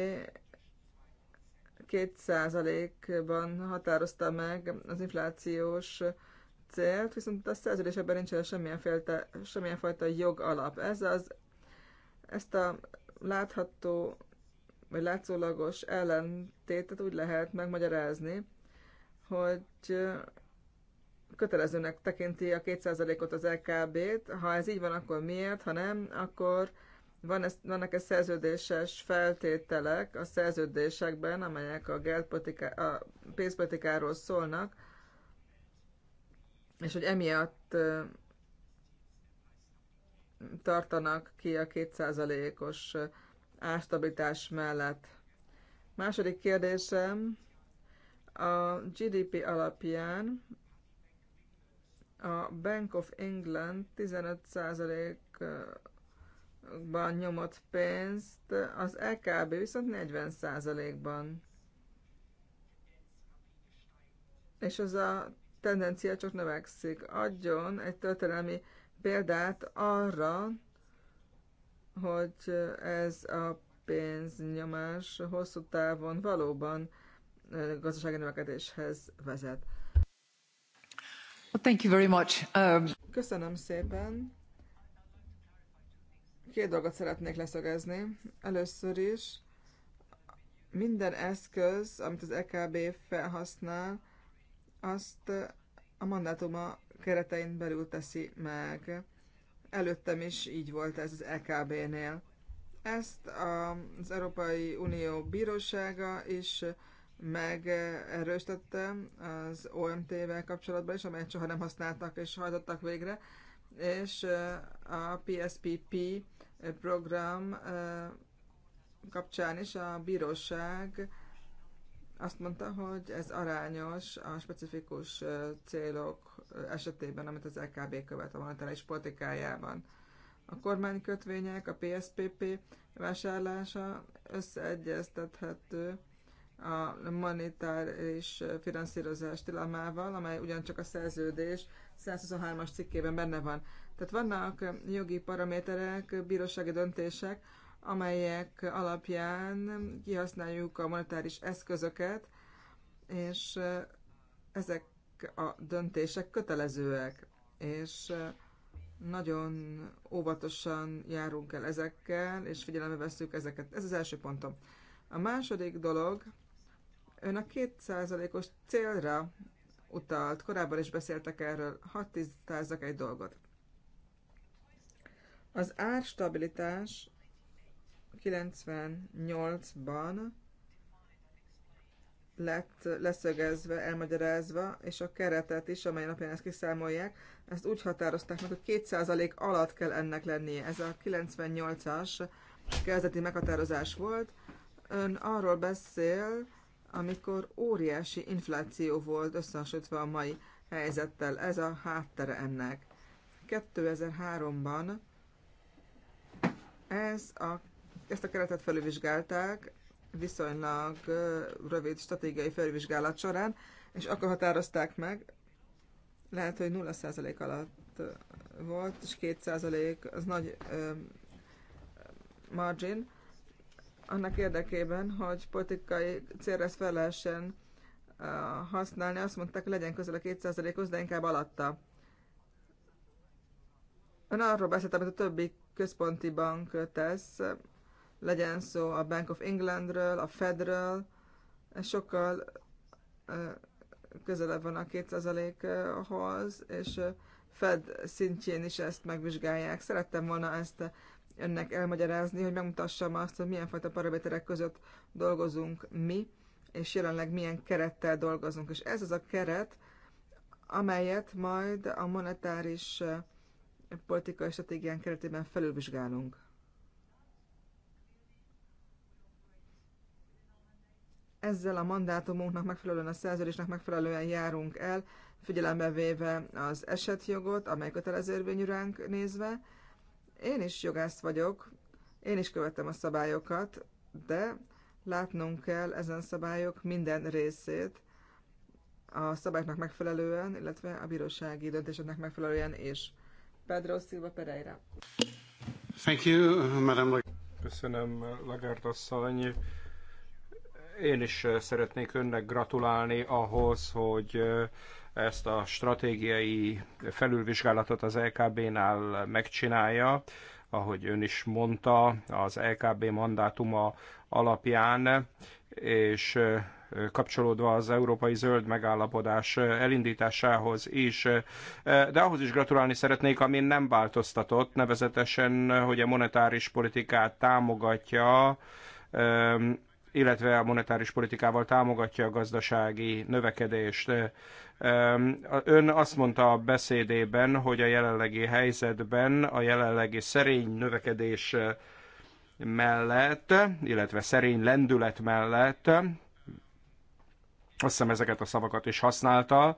2%-ban határozta meg az inflációs célt, viszont a szerződésekben nincsen semmilyen, félte, semmilyen fajta jogalap. Ez az, ezt a látható vagy látszólagos ellentétet úgy lehet megmagyarázni, hogy kötelezőnek tekinti a 2%-ot az LKB-t. Ha ez így van, akkor miért? Ha nem, akkor van ez, vannak ez szerződéses feltételek a szerződésekben, amelyek a, a pénzpolitikáról szólnak, és hogy emiatt tartanak ki a kétszázalékos ástabilitás mellett. Második kérdésem, a GDP alapján a Bank of England 15%-ban nyomott pénzt, az LKB viszont 40%-ban. És ez a tendencia csak növekszik. Adjon egy történelmi példát arra, hogy ez a pénznyomás hosszú távon valóban gazdasági növekedéshez vezet. Well, thank you very much. Um... Köszönöm szépen. Két dolgot szeretnék leszögezni. Először is minden eszköz, amit az EKB felhasznál, azt a mandátuma keretein belül teszi meg. Előttem is így volt ez az EKB-nél. Ezt az Európai Unió bírósága is megerősítette az OMT-vel kapcsolatban is, amelyet soha nem használtak és hajtottak végre, és eh, a PSPP program eh, kapcsán is a bíróság azt mondta, hogy ez arányos a specifikus célok esetében, amit az LKB követ a monetáris politikájában. A kormánykötvények, a PSPP vásárlása összeegyeztethető a monetáris finanszírozás tilalmával, amely ugyancsak a szerződés 123-as cikkében benne van. Tehát vannak jogi paraméterek, bírósági döntések, amelyek alapján kihasználjuk a monetáris eszközöket, és ezek a döntések kötelezőek, és nagyon óvatosan járunk el ezekkel, és figyelembe veszük ezeket. Ez az első pontom. A második dolog, ön a kétszázalékos célra utalt, korábban is beszéltek erről, hadd tisztázzak egy dolgot. Az árstabilitás 98-ban lett leszögezve, elmagyarázva, és a keretet is, amely napján ezt kiszámolják, ezt úgy határozták meg, hogy 2% alatt kell ennek lennie. Ez a 98-as kezdeti meghatározás volt. Ön arról beszél, amikor óriási infláció volt összehasonlítva a mai helyzettel. Ez a háttere ennek. 2003-ban ez a ezt a keretet felülvizsgálták viszonylag rövid stratégiai felülvizsgálat során, és akkor határozták meg, lehet, hogy 0% alatt volt, és 2% az nagy margin, annak érdekében, hogy politikai célra ezt fel lehessen használni, azt mondták, hogy legyen közel a 2%-hoz, de inkább alatta. Ön arról beszéltem, amit a többi központi bank tesz, legyen szó a Bank of Englandről, a Fedről, ez sokkal közelebb van a 2%-hoz, és Fed szintjén is ezt megvizsgálják. Szerettem volna ezt önnek elmagyarázni, hogy megmutassam azt, hogy milyen fajta paraméterek között dolgozunk mi, és jelenleg milyen kerettel dolgozunk. És ez az a keret, amelyet majd a monetáris politikai stratégián keretében felülvizsgálunk. ezzel a mandátumunknak megfelelően, a szerződésnek megfelelően járunk el, figyelembe véve az esetjogot, amely kötelező érvényű ránk nézve. Én is jogász vagyok, én is követtem a szabályokat, de látnunk kell ezen szabályok minden részét a szabályoknak megfelelően, illetve a bírósági döntéseknek megfelelően és Pedro Silva Pereira. Thank you, Madam Köszönöm, Lagarde asszony én is szeretnék önnek gratulálni ahhoz, hogy ezt a stratégiai felülvizsgálatot az LKB-nál e megcsinálja, ahogy ön is mondta, az LKB e mandátuma alapján, és kapcsolódva az európai zöld megállapodás elindításához is. De ahhoz is gratulálni szeretnék, amin nem változtatott, nevezetesen, hogy a monetáris politikát támogatja, illetve a monetáris politikával támogatja a gazdasági növekedést. Ön azt mondta a beszédében, hogy a jelenlegi helyzetben a jelenlegi szerény növekedés mellett, illetve szerény lendület mellett, azt hiszem ezeket a szavakat is használta,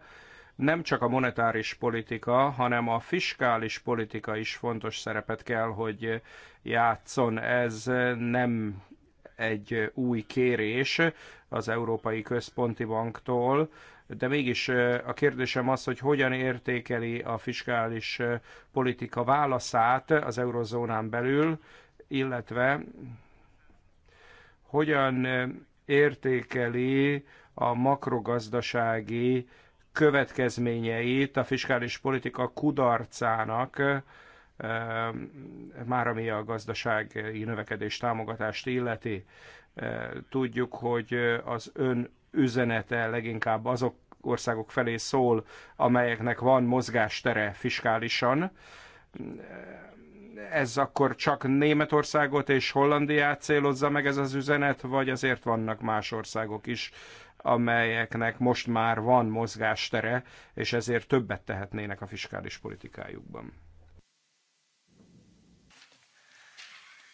nem csak a monetáris politika, hanem a fiskális politika is fontos szerepet kell, hogy játszon. Ez nem egy új kérés az Európai Központi Banktól, de mégis a kérdésem az, hogy hogyan értékeli a fiskális politika válaszát az eurozónán belül, illetve hogyan értékeli a makrogazdasági következményeit a fiskális politika kudarcának már ami a gazdasági növekedés támogatást illeti. Tudjuk, hogy az ön üzenete leginkább azok országok felé szól, amelyeknek van mozgástere fiskálisan. Ez akkor csak Németországot és Hollandiát célozza meg ez az üzenet, vagy azért vannak más országok is, amelyeknek most már van mozgástere, és ezért többet tehetnének a fiskális politikájukban?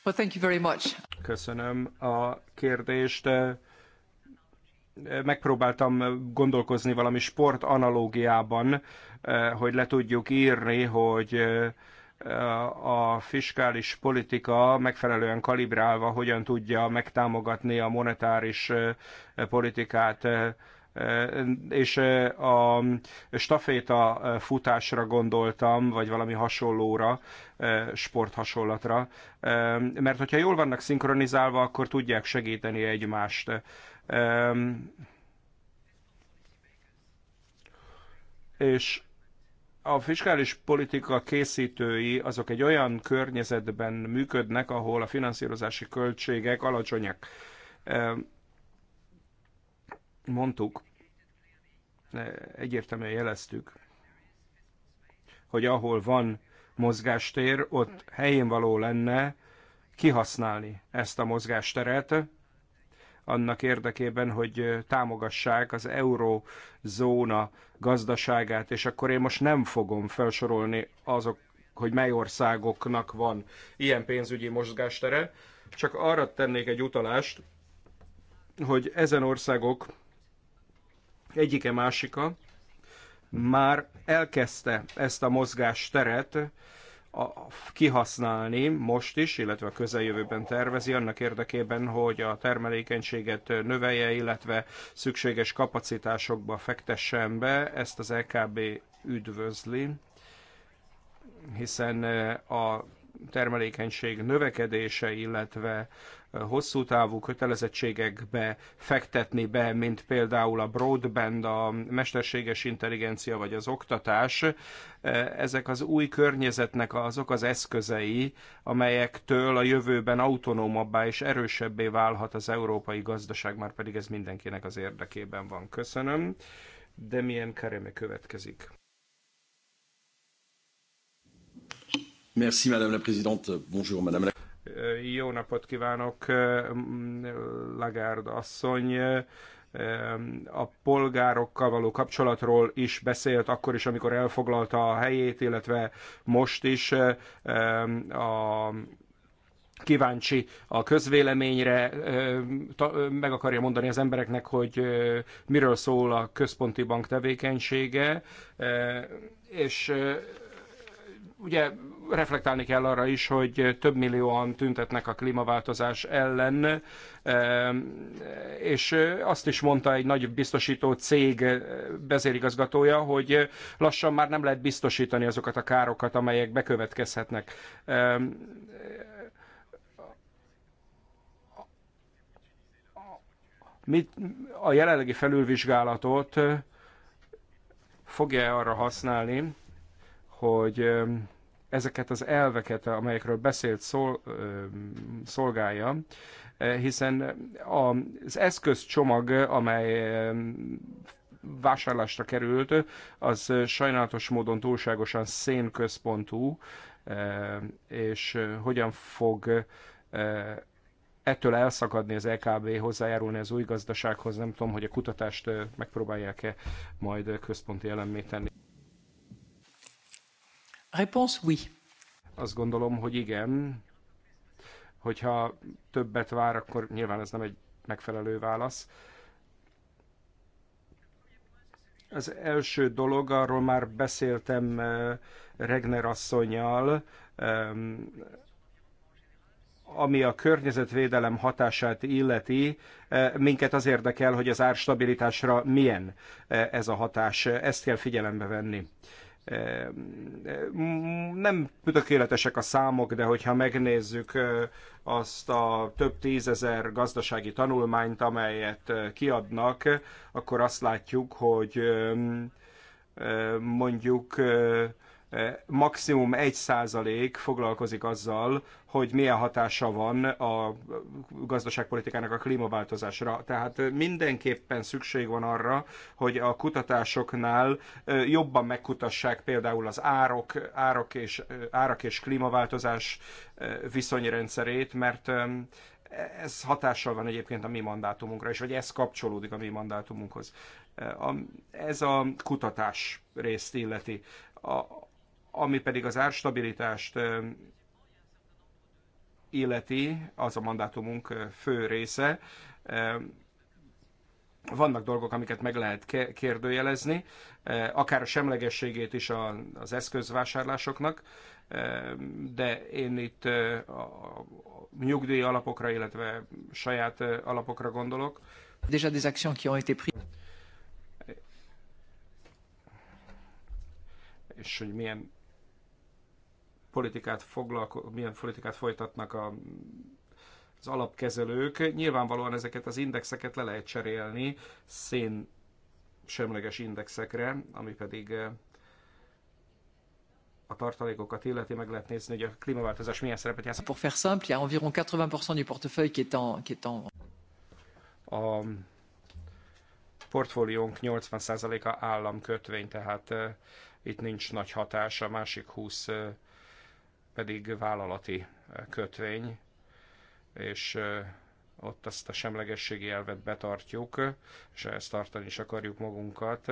Well, thank you very much. Köszönöm a kérdést. Megpróbáltam gondolkozni valami sport analógiában, hogy le tudjuk írni, hogy a fiskális politika megfelelően kalibrálva hogyan tudja megtámogatni a monetáris politikát és a staféta futásra gondoltam, vagy valami hasonlóra, sporthasonlatra, mert hogyha jól vannak szinkronizálva, akkor tudják segíteni egymást. És a fiskális politika készítői azok egy olyan környezetben működnek, ahol a finanszírozási költségek alacsonyak. Mondtuk, egyértelműen jeleztük, hogy ahol van mozgástér, ott helyén való lenne kihasználni ezt a mozgásteret, annak érdekében, hogy támogassák az eurózóna gazdaságát, és akkor én most nem fogom felsorolni azok, hogy mely országoknak van ilyen pénzügyi mozgástere, csak arra tennék egy utalást, hogy ezen országok egyike másika már elkezdte ezt a mozgásteret a, kihasználni most is, illetve a közeljövőben tervezi annak érdekében, hogy a termelékenységet növelje, illetve szükséges kapacitásokba fektessen be, ezt az LKB e üdvözli, hiszen eh, a termelékenység növekedése, illetve hosszú távú kötelezettségekbe fektetni be, mint például a broadband, a mesterséges intelligencia vagy az oktatás, ezek az új környezetnek azok az eszközei, amelyektől a jövőben autonómabbá és erősebbé válhat az európai gazdaság, már pedig ez mindenkinek az érdekében van. Köszönöm. Demien Kareme következik. Merci, Madame la Présidente. Bonjour, Madame la... Jó napot kívánok, Lagarde asszony a polgárokkal való kapcsolatról is beszélt, akkor is, amikor elfoglalta a helyét, illetve most is a kíváncsi a közvéleményre, meg akarja mondani az embereknek, hogy miről szól a központi bank tevékenysége, és ugye reflektálni kell arra is, hogy több millióan tüntetnek a klímaváltozás ellen, ehm, és azt is mondta egy nagy biztosító cég vezérigazgatója, hogy lassan már nem lehet biztosítani azokat a károkat, amelyek bekövetkezhetnek. Ehm, mit a jelenlegi felülvizsgálatot fogja arra használni, hogy ehm, ezeket az elveket, amelyekről beszélt, szol, szolgálja, hiszen az eszközcsomag, amely vásárlásra került, az sajnálatos módon túlságosan szénközpontú, és hogyan fog ettől elszakadni az EKB, hozzájárulni az új gazdasághoz, nem tudom, hogy a kutatást megpróbálják-e majd központi elemmé tenni. Réponse oui. Azt gondolom, hogy igen. Hogyha többet vár, akkor nyilván ez nem egy megfelelő válasz. Az első dolog, arról már beszéltem eh, Regner asszonyjal, ami a környezetvédelem hatását illeti, eh, minket az érdekel, hogy az árstabilitásra milyen eh, ez a hatás. Ezt kell figyelembe venni nem tökéletesek a számok, de hogyha megnézzük azt a több tízezer gazdasági tanulmányt, amelyet kiadnak, akkor azt látjuk, hogy mondjuk maximum 1% foglalkozik azzal, hogy milyen hatása van a gazdaságpolitikának a klímaváltozásra. Tehát mindenképpen szükség van arra, hogy a kutatásoknál jobban megkutassák például az árok, árok és, árak és klímaváltozás viszonyrendszerét, mert ez hatással van egyébként a mi mandátumunkra, és vagy ez kapcsolódik a mi mandátumunkhoz. Ez a kutatás részt illeti. A, ami pedig az árstabilitást illeti, az a mandátumunk fő része. Vannak dolgok, amiket meg lehet kérdőjelezni, akár a semlegességét is az eszközvásárlásoknak, de én itt a nyugdíj alapokra, illetve saját alapokra gondolok. Déjà des actions qui ont été prises. És hogy milyen politikát, foglalko- milyen politikát folytatnak a, az alapkezelők. Nyilvánvalóan ezeket az indexeket le lehet cserélni szén semleges indexekre, ami pedig eh, a tartalékokat illeti, meg lehet nézni, hogy a klímaváltozás milyen szerepet játszik. Pour faire simple, il y a environ 80% du portefeuille qui est en, qui est en... A portfóliónk 80%-a államkötvény, tehát uh, itt nincs nagy hatás, a másik 20 uh, eh, pedig vállalati eh, kötvény, és eh, ott azt a semlegességi elvet betartjuk, és ezt tartani is akarjuk magunkat.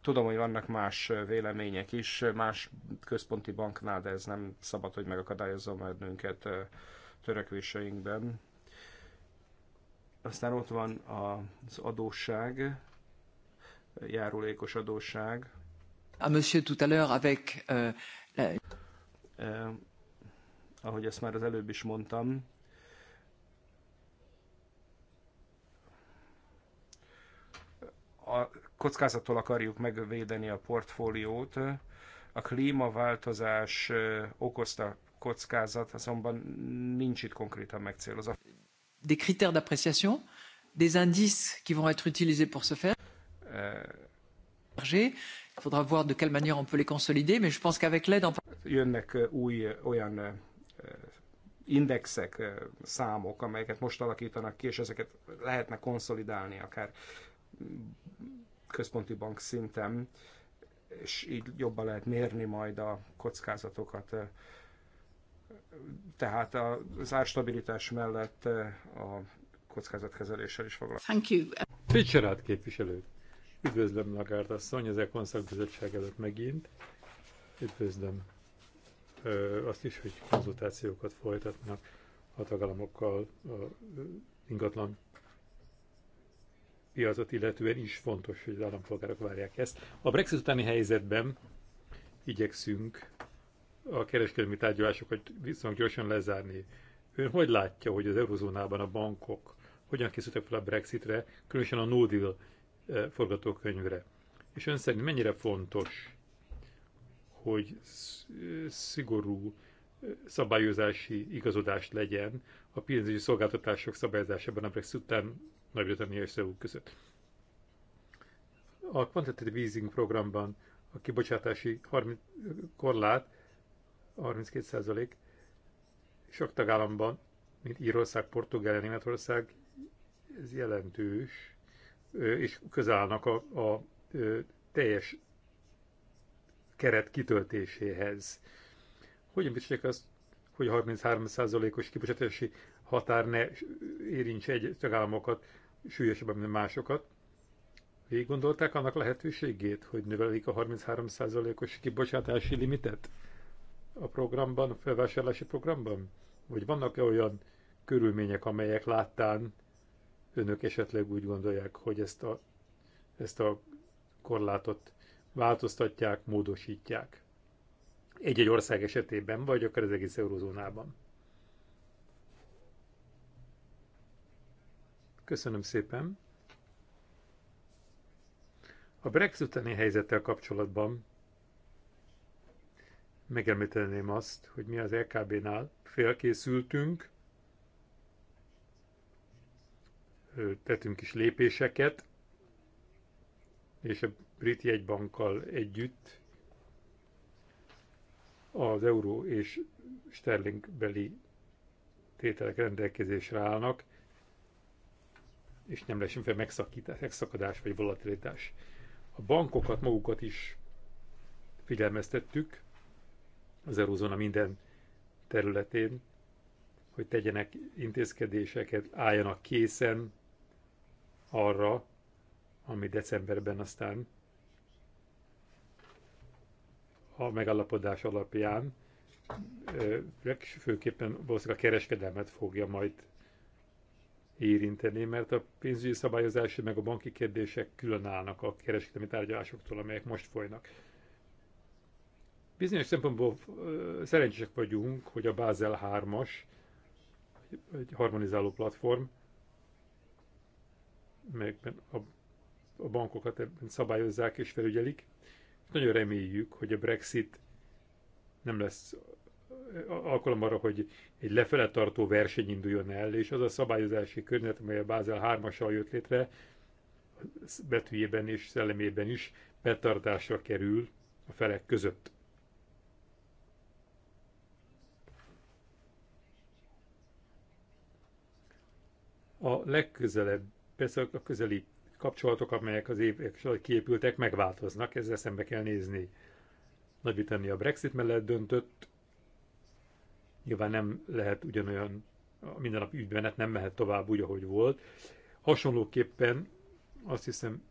Tudom, hogy vannak más eh, vélemények is, más központi banknál, de ez nem szabad, hogy megakadályozzon bennünket törekvéseinkben. Aztán ott van az adósság, járulékos adósság, à monsieur tout à l'heure avec... Euh, la... eh, ahogy ezt már az előbb is mondtam, a kockázattól akarjuk megvédeni a portfóliót. A klímaváltozás eh, okozta kockázat, azonban nincs itt konkrétan megcélozva. Des critères d'appréciation, des indices qui vont être utilisés pour ce faire. Eh, Il faudra voir de quelle manière on peut les consolider, mais je pense qu'avec l'aide en... Jönnek euh, új euh, olyan euh, indexek, számok, amelyeket most alakítanak ki, és ezeket lehetne konszolidálni akár központi bank szinten, és így jobban lehet mérni majd a kockázatokat. Tehát az árstabilitás mellett a kockázatkezeléssel is foglalkozik. Thank you. Fitzgerald képviselő. Üdvözlöm Lagárd asszony, az Ekon szakbizottság előtt megint. Üdvözlöm ö, azt is, hogy konzultációkat folytatnak a tagállamokkal a ingatlan piacot illetően is fontos, hogy az állampolgárok várják ezt. A Brexit utáni helyzetben igyekszünk a kereskedelmi tárgyalásokat viszont gyorsan lezárni. Ön hogy látja, hogy az eurozónában a bankok hogyan készültek fel a Brexitre, különösen a no deal forgatókönyvre. És ön szerint mennyire fontos, hogy szigorú szabályozási igazodást legyen a pénzügyi szolgáltatások szabályozásában a Brexit után Nagy-Britannia és Szeúl között. A Quantitative Easing programban a kibocsátási 30 korlát 32% sok tagállamban, mint Írország, Portugália, Németország, ez jelentős, és közállnak a, a teljes keret kitöltéséhez. Hogyan biztosítják azt, hogy 33%-os kibocsátási határ ne érintse egy tagállamokat súlyosabban, mint másokat? Végig gondolták annak lehetőségét, hogy növelik a 33%-os kibocsátási limitet a programban, a felvásárlási programban? Vagy vannak-e olyan körülmények, amelyek láttán önök esetleg úgy gondolják, hogy ezt a, ezt a korlátot változtatják, módosítják. Egy-egy ország esetében, vagy akár az egész eurozónában. Köszönöm szépen. A Brexit utáni helyzettel kapcsolatban megemlíteném azt, hogy mi az LKB-nál félkészültünk, tettünk is lépéseket, és a brit jegybankkal együtt az euró és sterling beli tételek rendelkezésre állnak, és nem lesz semmiféle megszakítás, megszakadás vagy volatilitás. A bankokat magukat is figyelmeztettük az Eurózóna minden területén, hogy tegyenek intézkedéseket, álljanak készen, arra, ami decemberben aztán a megállapodás alapján főképpen valószínűleg a kereskedelmet fogja majd érinteni, mert a pénzügyi szabályozási meg a banki kérdések különállnak a kereskedelmi tárgyalásoktól, amelyek most folynak. Bizonyos szempontból szerencsések vagyunk, hogy a Basel 3-as, egy harmonizáló platform, melyekben a, a bankokat ebben szabályozzák és felügyelik. Nagyon reméljük, hogy a Brexit nem lesz alkalom arra, hogy egy lefele tartó verseny induljon el, és az a szabályozási környezet, amely a Bázel 3-assal jött létre, betűjében és szellemében is betartásra kerül a felek között. A legközelebb persze a közeli kapcsolatok, amelyek az évek során kiépültek, megváltoznak, ezzel szembe kell nézni. Nagy-Britannia Brexit mellett döntött, nyilván nem lehet ugyanolyan a mindennapi ügymenet nem mehet tovább úgy, ahogy volt. Hasonlóképpen azt hiszem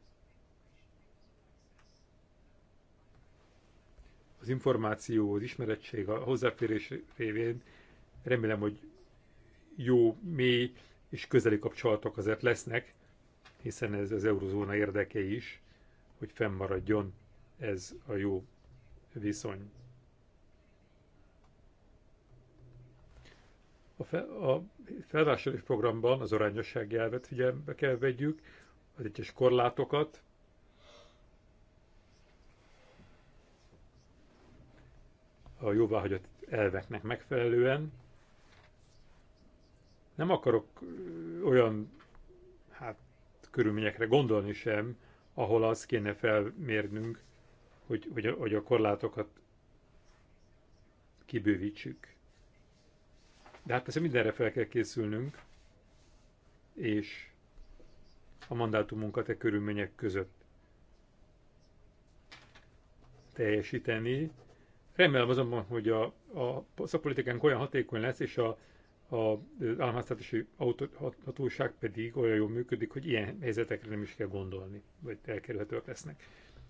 az információ, az ismerettség, a hozzáférés révén remélem, hogy jó, mély és közeli kapcsolatok azért lesznek, hiszen ez az eurozóna érdeke is, hogy fennmaradjon ez a jó viszony. A, fe, a felvásárlás programban az arányosság jelvet figyelembe kell vegyük, az egyes korlátokat, a jóváhagyott elveknek megfelelően, nem akarok olyan hát, körülményekre gondolni sem, ahol azt kéne felmérnünk, hogy, hogy, a, hogy a korlátokat kibővítsük. De hát persze mindenre fel kell készülnünk, és a mandátumunkat e körülmények között teljesíteni. Remélem azonban, hogy a, a szakpolitikánk olyan hatékony lesz, és a a államháztartási autóhatóság pedig olyan jól működik, hogy ilyen helyzetekre nem is kell gondolni, vagy elkerülhetőek lesznek.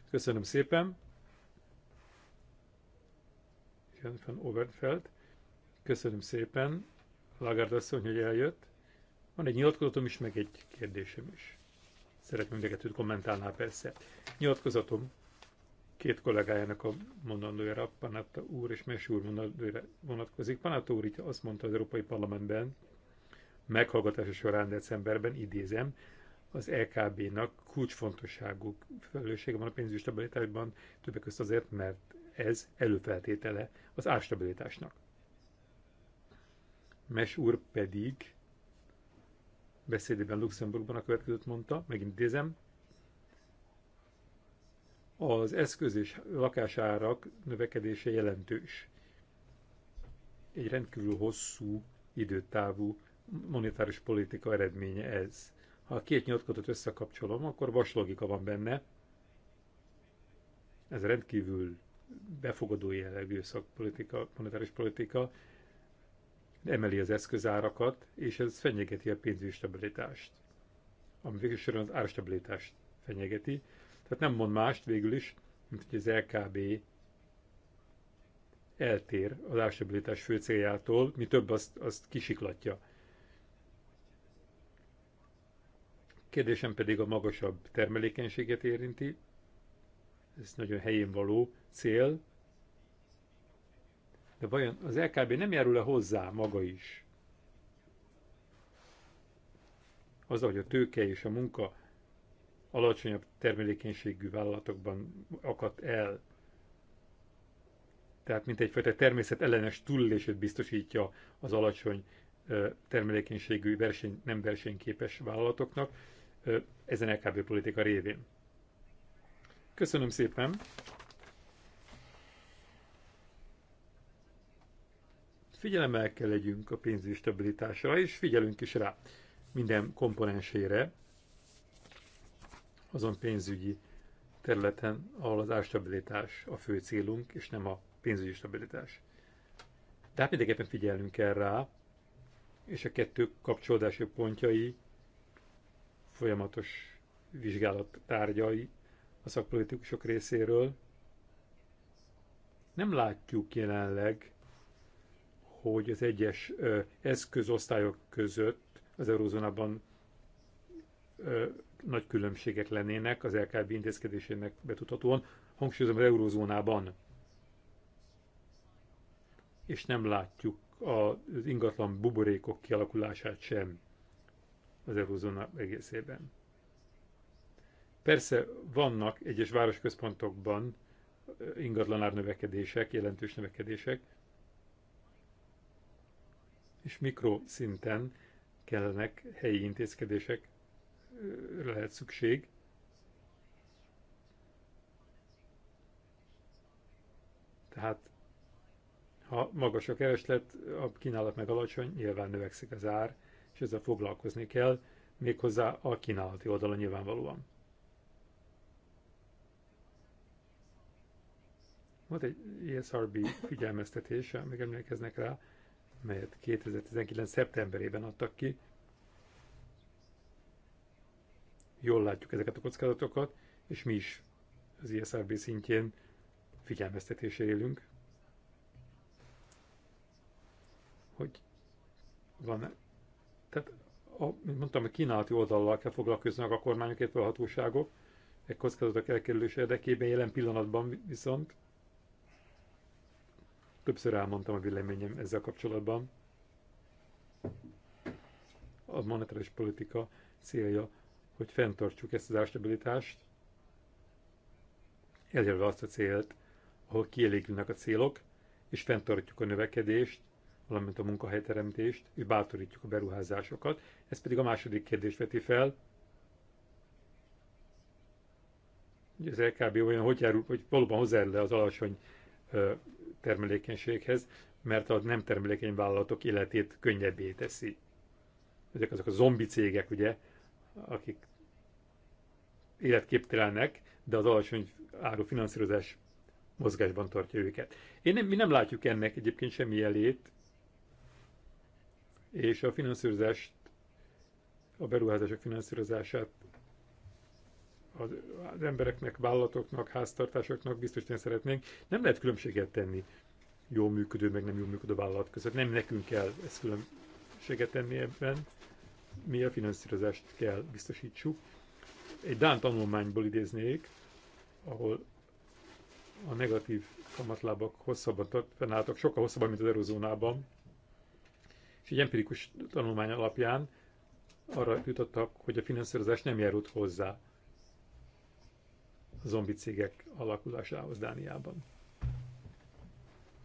Köszönöm szépen. Jön van Overfeld. Köszönöm szépen, Lagarde asszony, hogy eljött. Van egy nyilatkozatom is, meg egy kérdésem is. Szeretném hogy kommentálná persze. Nyilatkozatom két kollégájának a mondandójára, Panatta úr és Mes úr mondandójára vonatkozik. Panatta úr így azt mondta az Európai Parlamentben, meghallgatása során decemberben, idézem, az LKB-nak e kulcsfontosságú felelőssége van a pénzügyi stabilitásban, többek között azért, mert ez előfeltétele az árstabilitásnak. Mes úr pedig beszédében Luxemburgban a következőt mondta, megint idézem, az eszköz és lakásárak növekedése jelentős. Egy rendkívül hosszú időtávú monetáris politika eredménye ez. Ha a két nyilatkozatot összekapcsolom, akkor vaslogika van benne. Ez rendkívül befogadó jellegű szakpolitika, monetáris politika, emeli az eszközárakat, és ez fenyegeti a pénzügyi stabilitást, ami végsősorban az árstabilitást fenyegeti, tehát nem mond mást végül is, mint hogy az LKB eltér az árstabilitás fő céljától, mi több azt, azt kisiklatja. Kérdésem pedig a magasabb termelékenységet érinti. Ez nagyon helyén való cél. De vajon az LKB nem járul-e hozzá maga is? Az, hogy a tőke és a munka alacsonyabb termelékenységű vállalatokban akadt el. Tehát mint egyfajta természet ellenes túlélését biztosítja az alacsony termelékenységű, verseny, nem versenyképes vállalatoknak ezen LKB politika révén. Köszönöm szépen! Figyelemmel kell legyünk a pénzügyi stabilitásra, és figyelünk is rá minden komponensére, azon pénzügyi területen, ahol az árstabilitás a fő célunk, és nem a pénzügyi stabilitás. De hát mindenképpen figyelnünk kell rá, és a kettő kapcsolódási pontjai folyamatos vizsgálat tárgyai a szakpolitikusok részéről. Nem látjuk jelenleg, hogy az egyes eszközosztályok között az eurózónában nagy különbségek lennének az LKB intézkedésének betudhatóan, hangsúlyozom az eurózónában. És nem látjuk az ingatlan buborékok kialakulását sem az eurózóna egészében. Persze vannak egyes városközpontokban eh, ingatlanár növekedések, jelentős növekedések, és mikroszinten kellenek helyi intézkedések lehet szükség. Tehát ha magas a kereslet, a kínálat meg alacsony, nyilván növekszik az ár, és ezzel foglalkozni kell, méghozzá a kínálati oldalon nyilvánvalóan. Volt egy ESRB er figyelmeztetése, megemlékeznek emlékeznek rá, melyet 2019. szeptemberében adtak ki, jól látjuk ezeket a kockázatokat, és mi is az ISRB er szintjén figyelmeztetésre élünk, hogy van tehát, a, mint mondtam, a kínálati oldallal kell foglalkoznak a kormányok, illetve a hatóságok, egy kockázatok elkerülése érdekében jelen pillanatban viszont többször elmondtam a véleményem ezzel kapcsolatban. A monetáris politika célja hogy fenntartsuk ezt az árstabilitást, elérve azt a célt, ahol kielégülnek a célok, és fenntartjuk a növekedést, valamint a munkahelyteremtést, és bátorítjuk a beruházásokat. Ez pedig a második kérdés veti fel, hogy az LKB olyan, hogy, járul, hogy valóban hozzájárul az alacsony termelékenységhez, mert a nem termelékeny vállalatok életét könnyebbé teszi. Ezek azok a zombi cégek, ugye, akik életképtelenek, de az alacsony áru finanszírozás mozgásban tartja őket. Én nem, mi nem látjuk ennek egyébként semmi jelét, és a finanszírozást, a beruházások finanszírozását az, az embereknek, vállalatoknak, háztartásoknak biztosan szeretnénk. Nem lehet különbséget tenni jó működő, meg nem jó működő vállalat között. Nem nekünk kell ezt különbséget tenni ebben. Mi a finanszírozást kell biztosítsuk egy Dán tanulmányból idéznék, ahol a negatív kamatlábak hosszabbat fennálltak, sokkal hosszabban, mint az eurozónában. És egy empirikus tanulmány alapján arra jutottak, hogy a finanszírozás nem járult hozzá a zombi cégek alakulásához Dániában.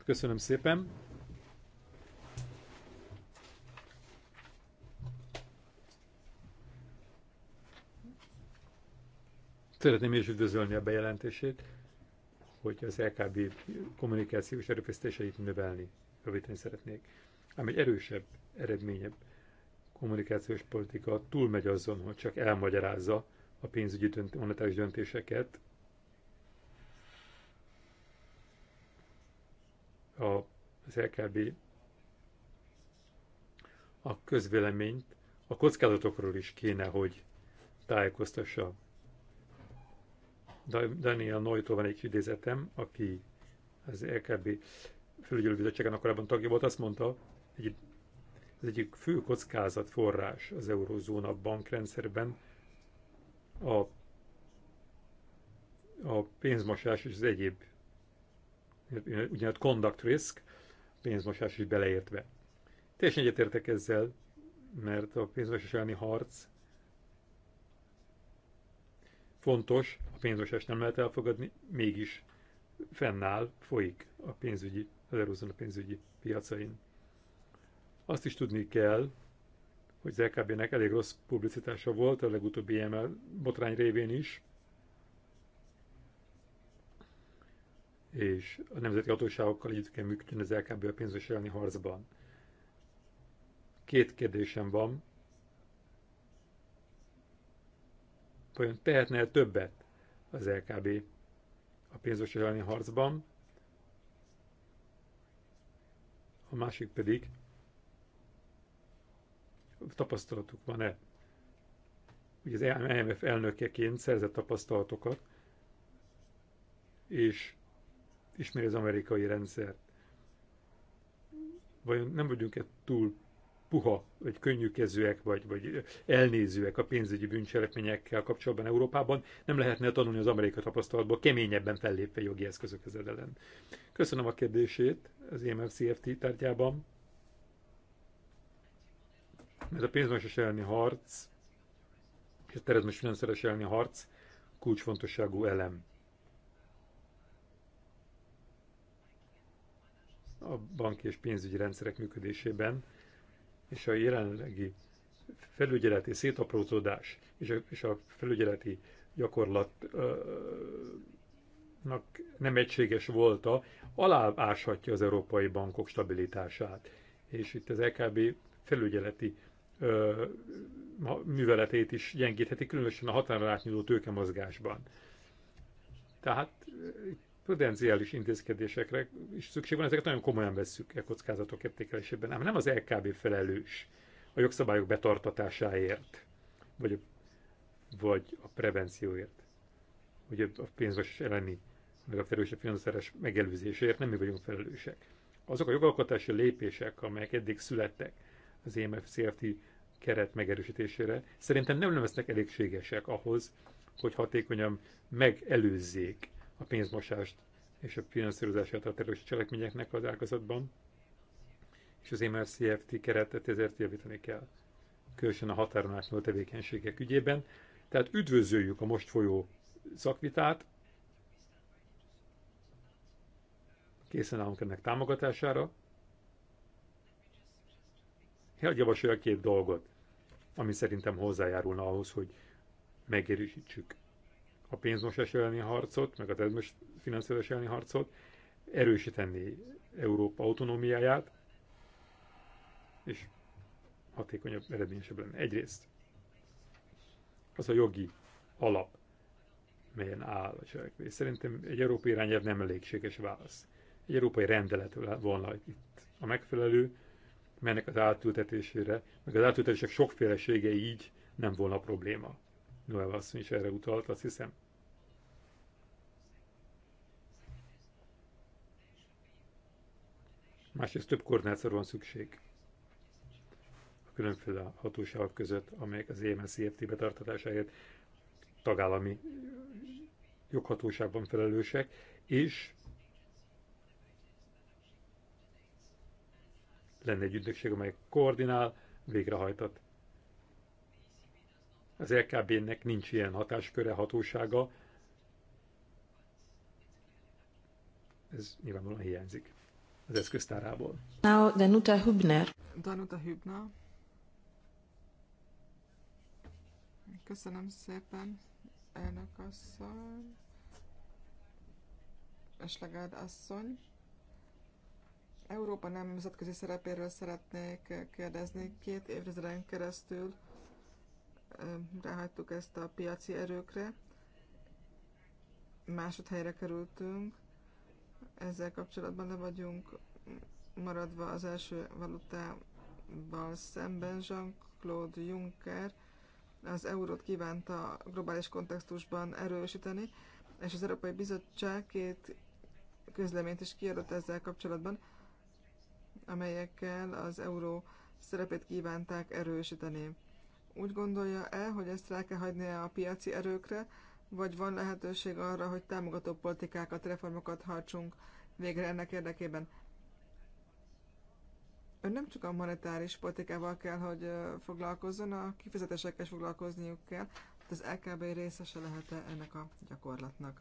Köszönöm szépen! Szeretném is üdvözölni a bejelentését, hogy az LKB kommunikációs erőfeszítéseit növelni, rövidíteni szeretnék. Ám egy erősebb, eredményebb kommunikációs politika túlmegy azon, hogy csak elmagyarázza a pénzügyi dönt- monetáris döntéseket, a, az LKB a közvéleményt a kockázatokról is kéne, hogy tájékoztassa Daniel Noytól van egy idézetem, aki az LKB e felügyelőbizottságának korábban tagja volt, azt mondta, hogy az egyik fő kockázat forrás az eurózóna bankrendszerben a, a pénzmosás és az egyéb, úgynevezett conduct risk, pénzmosás is beleértve. Teljesen egyetértek ezzel, mert a pénzmosás elleni harc fontos, a pénzmosást nem lehet elfogadni, mégis fennáll, folyik a pénzügyi, az a pénzügyi piacain. Azt is tudni kell, hogy az LKB-nek elég rossz publicitása volt a legutóbbi EML botrány révén is, és a nemzeti hatóságokkal együtt kell működni az LKB a pénzös elleni harcban. Két kérdésem van vajon tehetne -e többet az LKB a pénzös elleni harcban, a másik pedig tapasztalatuk van-e. Ugye az IMF e elnökeként szerzett tapasztalatokat, és ismeri az amerikai rendszert. Vajon nem vagyunk-e túl puha, vagy könnyűkezőek, vagy, vagy elnézőek a pénzügyi bűncselekményekkel kapcsolatban Európában, nem lehetne tanulni az amerikai tapasztalatból, keményebben fellépve jogi eszközök ezzel ellen. Köszönöm a kérdését az EMFCFT tárgyában. Ez a pénzmásos elleni harc, és a terezmes finanszeres elleni harc kulcsfontosságú elem. a banki és pénzügyi rendszerek működésében és a jelenlegi felügyeleti szétaprózódás és a, és a felügyeleti gyakorlatnak nem egységes volta, aláváshatja az európai bankok stabilitását. És itt az EKB felügyeleti ö, műveletét is gyengítheti, különösen a határon átnyúló tőkemozgásban. Tehát prudenciális intézkedésekre is szükség van, ezeket nagyon komolyan vesszük e kockázatok értékelésében, ám nem az LKB felelős a jogszabályok betartatásáért, vagy a, vagy a prevencióért, vagy a pénzos elleni, meg a felelősebb finanszírozás megelőzéséért nem mi vagyunk felelősek. Azok a jogalkotási lépések, amelyek eddig születtek az EMF-CFT keret megerősítésére, szerintem nem lesznek elégségesek ahhoz, hogy hatékonyan megelőzzék a pénzmosást és a finanszírozását a terrorista cselekményeknek az ágazatban, és az MRCFT keretet ezért javítani kell, különösen a határon átnyúló tevékenységek ügyében. Tehát üdvözöljük a most folyó szakvitát, készen állunk ennek támogatására. Hogy hát javasolja két dolgot, ami szerintem hozzájárulna ahhoz, hogy megerősítsük a pénzmosás elleni harcot, meg a termés finanszírozás elleni harcot, erősíteni Európa autonómiáját, és hatékonyabb, eredményesebb lenne. Egyrészt az a jogi alap, melyen áll a cselekvés. Szerintem egy európai irányelv nem elégséges válasz. Egy európai rendelet volna itt a megfelelő, mennek az átültetésére, meg az átültetések sokfélesége így nem volna probléma. Noel asszony is erre utalt, azt hiszem. Másrészt több koordinációra van szükség a különféle hatóságok között, amelyek az CFT betartatásáért tagállami joghatóságban felelősek, és lenne egy ügynökség, amely koordinál, végrehajtat az LKB-nek nincs ilyen hatásköre, hatósága. Ez nyilvánvalóan hiányzik az eszköztárából. Now Danuta Hübner. Danuta Hübner. Köszönöm szépen, elnök asszony. Eslegád asszony. Európa nemzetközi szerepéről szeretnék kérdezni. Két évtizeden keresztül ráhagytuk ezt a piaci erőkre. Másodhelyre kerültünk. Ezzel kapcsolatban le vagyunk maradva az első valutával szemben. Jean-Claude Juncker az eurót kívánta globális kontextusban erősíteni, és az Európai Bizottság két közleményt is kiadott ezzel kapcsolatban, amelyekkel az euró szerepét kívánták erősíteni úgy gondolja-e, hogy ezt rá kell hagynia a piaci erőkre, vagy van lehetőség arra, hogy támogató politikákat, reformokat hajtsunk végre ennek érdekében? Ön nem csak a monetáris politikával kell, hogy foglalkozzon, a kifizetésekkel is foglalkozniuk kell, Hát az LKB részese lehet -e ennek a gyakorlatnak?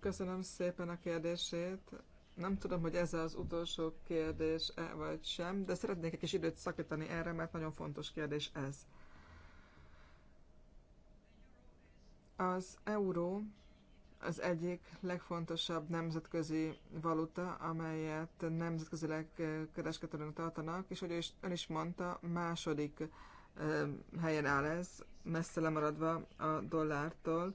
Köszönöm szépen a kérdését. Nem tudom, hogy ez az utolsó kérdés -e vagy sem, de szeretnék egy kis időt szakítani erre, mert nagyon fontos kérdés ez. Az euró az egyik legfontosabb nemzetközi valuta, amelyet nemzetközileg kereskedőnek tartanak, és ahogy ön is mondta, második helyen áll ez, messze lemaradva a dollártól.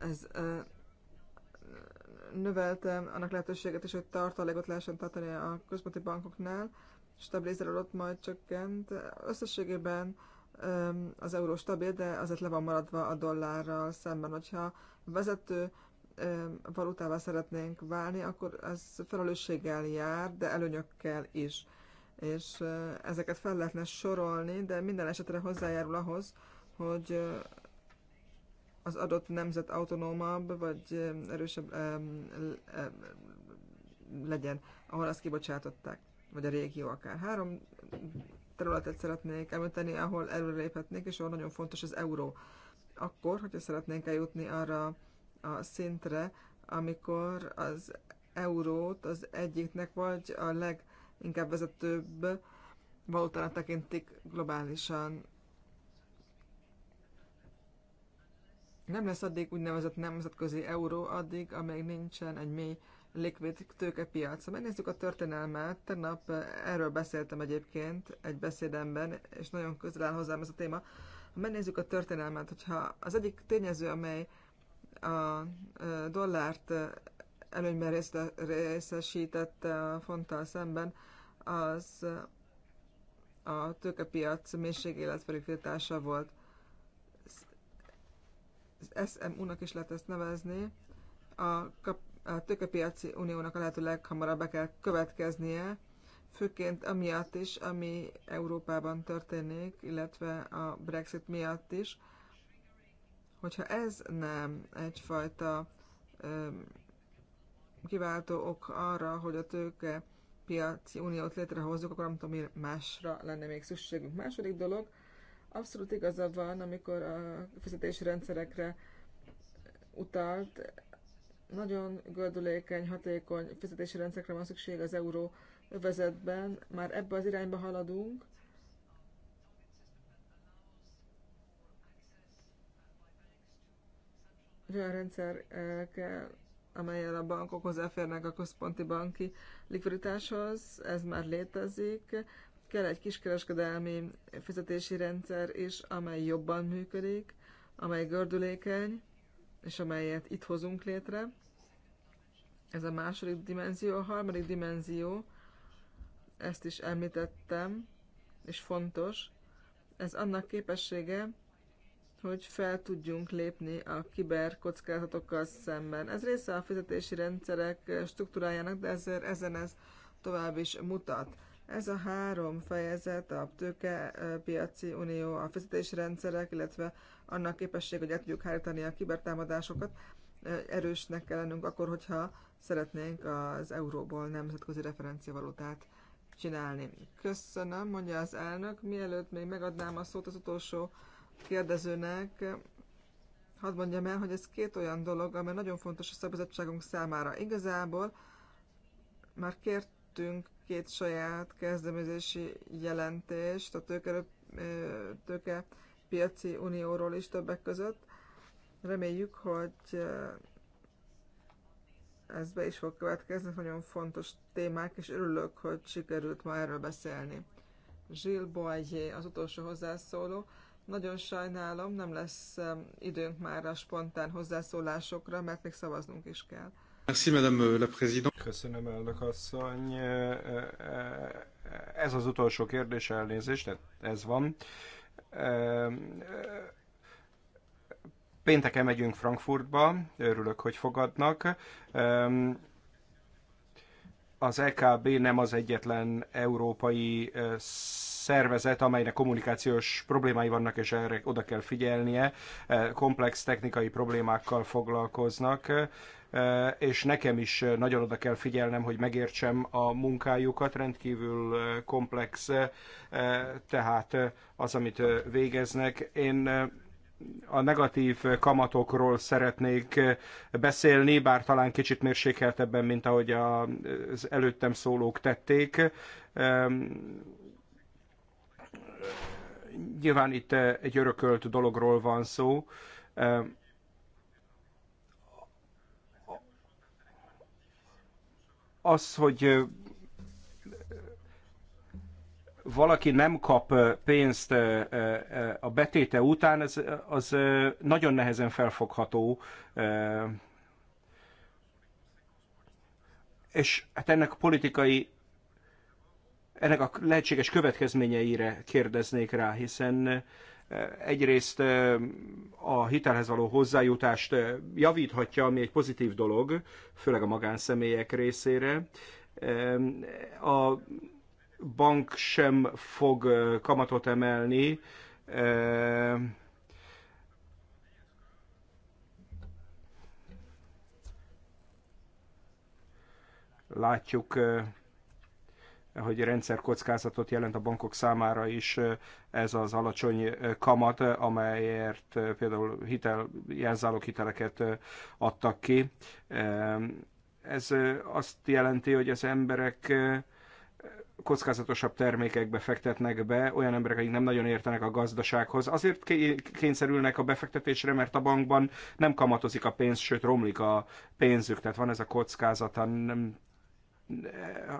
ez növelte annak lehetőséget is, hogy tartalékot lehessen tartani a központi bankoknál, stabilizálódott, majd csökkent. Összességében az euró stabil, de azért le van maradva a dollárral szemben. Hogyha vezető valutával szeretnénk válni, akkor ez felelősséggel jár, de előnyökkel is. És ezeket fel lehetne sorolni, de minden esetre hozzájárul ahhoz, hogy az adott nemzet autonómabb, vagy erősebb legyen, ahol azt kibocsátották, vagy a régió akár. Három területet szeretnék említeni, ahol előléphetnék, és ahol nagyon fontos az euró. Akkor, hogyha szeretnénk eljutni arra a szintre, amikor az eurót az egyiknek vagy a leginkább vezetőbb valutának tekintik globálisan. Nem lesz addig úgynevezett nemzetközi euró addig, amíg nincsen egy mély likvid tőkepiac. Ha megnézzük a történelmet, tegnap eh, erről beszéltem egyébként egy beszédemben, és nagyon közel áll hozzám ez a téma. Ha megnézzük a történelmet, hogyha az egyik tényező, amely a eh, dollárt eh, előnyben részesítette a fonttal szemben, az a tőkepiac mélységélet volt az SMU-nak is lehet ezt nevezni, a, kap, a tőkepiaci uniónak a lehető leghamarabb be kell következnie, főként amiatt is, ami Európában történik, illetve a Brexit miatt is, hogyha ez nem egyfajta öm, kiváltó ok arra, hogy a tőkepiaci uniót létrehozzuk, akkor nem tudom, másra lenne még szükségünk. Második dolog, Abszolút igaza van, amikor a fizetési rendszerekre utalt. Nagyon gördülékeny, hatékony fizetési rendszerekre van szükség az euró övezetben. Már ebbe az irányba haladunk. olyan rendszer eh, kell, amelyen a bankok hozzáférnek a központi banki likviditáshoz, ez már létezik. Kell egy kiskereskedelmi fizetési rendszer is, amely jobban működik, amely gördülékeny, és amelyet itt hozunk létre. Ez a második dimenzió. A harmadik dimenzió, ezt is említettem, és fontos, ez annak képessége, hogy fel tudjunk lépni a kiber kockázatokkal szemben. Ez része a fizetési rendszerek struktúrájának, de ezzel, ezen ez tovább is mutat. Ez a három fejezet, a tőkepiaci unió, a fizetésrendszerek, illetve annak képesség, hogy el tudjuk hárítani a kibertámadásokat, erősnek kell lennünk akkor, hogyha szeretnénk az euróból nemzetközi referenciavalutát csinálni. Köszönöm, mondja az elnök. Mielőtt még megadnám a szót az utolsó kérdezőnek, hadd mondjam el, hogy ez két olyan dolog, amely nagyon fontos a szabadságunk számára. Igazából már kértünk két saját kezdeményezési jelentést a tőke, tőke piaci unióról is többek között. Reméljük, hogy ez be is fog következni, nagyon fontos témák, és örülök, hogy sikerült ma erről beszélni. Gilles Boyer, az utolsó hozzászóló. Nagyon sajnálom, nem lesz időnk már a spontán hozzászólásokra, mert még szavaznunk is kell. Merci, Madame euh, la Présidente. Köszönöm, elnök asszony. Ez az utolsó kérdés, elnézést, tehát ez van. Pénteken megyünk Frankfurtba, örülök, hogy fogadnak az EKB nem az egyetlen európai szervezet, amelynek kommunikációs problémái vannak, és erre oda kell figyelnie. Komplex technikai problémákkal foglalkoznak és nekem is nagyon oda kell figyelnem, hogy megértsem a munkájukat, rendkívül komplex, tehát az, amit végeznek. Én a negatív kamatokról szeretnék beszélni, bár talán kicsit mérsékeltebben, mint ahogy az előttem szólók tették. Nyilván itt egy örökölt dologról van szó, az, hogy valaki nem kap pénzt a betéte után, az, az nagyon nehezen felfogható. És hát ennek a politikai, ennek a lehetséges következményeire kérdeznék rá, hiszen egyrészt a hitelhez való hozzájutást javíthatja, ami egy pozitív dolog, főleg a magánszemélyek részére. A bank sem fog kamatot emelni, látjuk hogy rendszerkockázatot jelent a bankok számára is ez az alacsony kamat, amelyért például hitel, jelzálók hiteleket adtak ki. Ez azt jelenti, hogy az emberek kockázatosabb termékekbe fektetnek be, olyan emberek, akik nem nagyon értenek a gazdasághoz, azért kényszerülnek a befektetésre, mert a bankban nem kamatozik a pénz, sőt romlik a pénzük, tehát van ez a kockázata, nem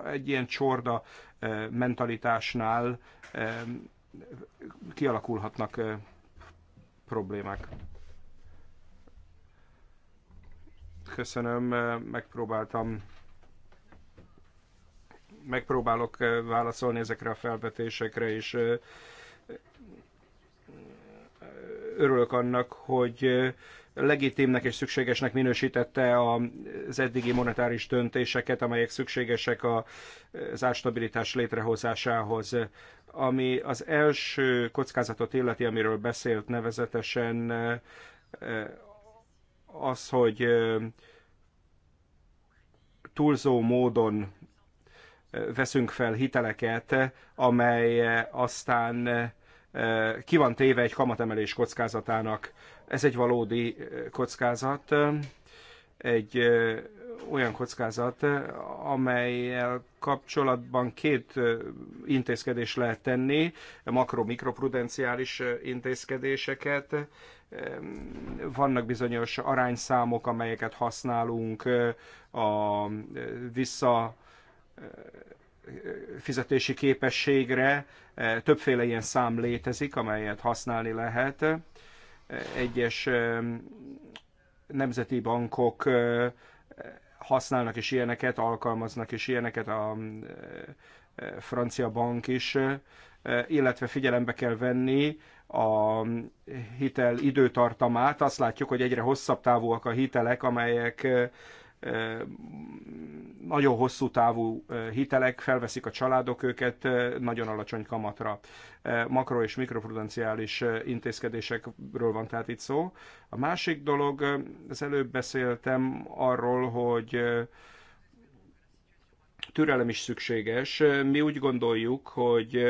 egy ilyen csorda mentalitásnál kialakulhatnak problémák. Köszönöm, megpróbáltam megpróbálok válaszolni ezekre a felvetésekre, és örülök annak, hogy legitimnek és szükségesnek minősítette az eddigi monetáris döntéseket, amelyek szükségesek az árstabilitás létrehozásához. Ami az első kockázatot illeti, amiről beszélt nevezetesen eh, az, hogy eh, túlzó módon eh, veszünk fel hiteleket, amely aztán ki van téve egy kamatemelés kockázatának. Ez egy valódi kockázat, egy olyan kockázat, amelyel kapcsolatban két intézkedés lehet tenni, makro-mikroprudenciális intézkedéseket. Vannak bizonyos arányszámok, amelyeket használunk a vissza fizetési képességre. Eh, többféle ilyen szám létezik, amelyet használni lehet. Eh, egyes eh, nemzeti bankok használnak is ilyeneket, alkalmaznak is ilyeneket, a francia bank is, illetve figyelembe kell venni a hitel időtartamát. Azt látjuk, hogy egyre hosszabb távúak a hitelek, amelyek nagyon hosszú távú hitelek, felveszik a családok őket nagyon alacsony kamatra. Makro- és mikroprudenciális intézkedésekről van tehát itt szó. A másik dolog, az előbb beszéltem arról, hogy türelem is szükséges. Mi úgy gondoljuk, hogy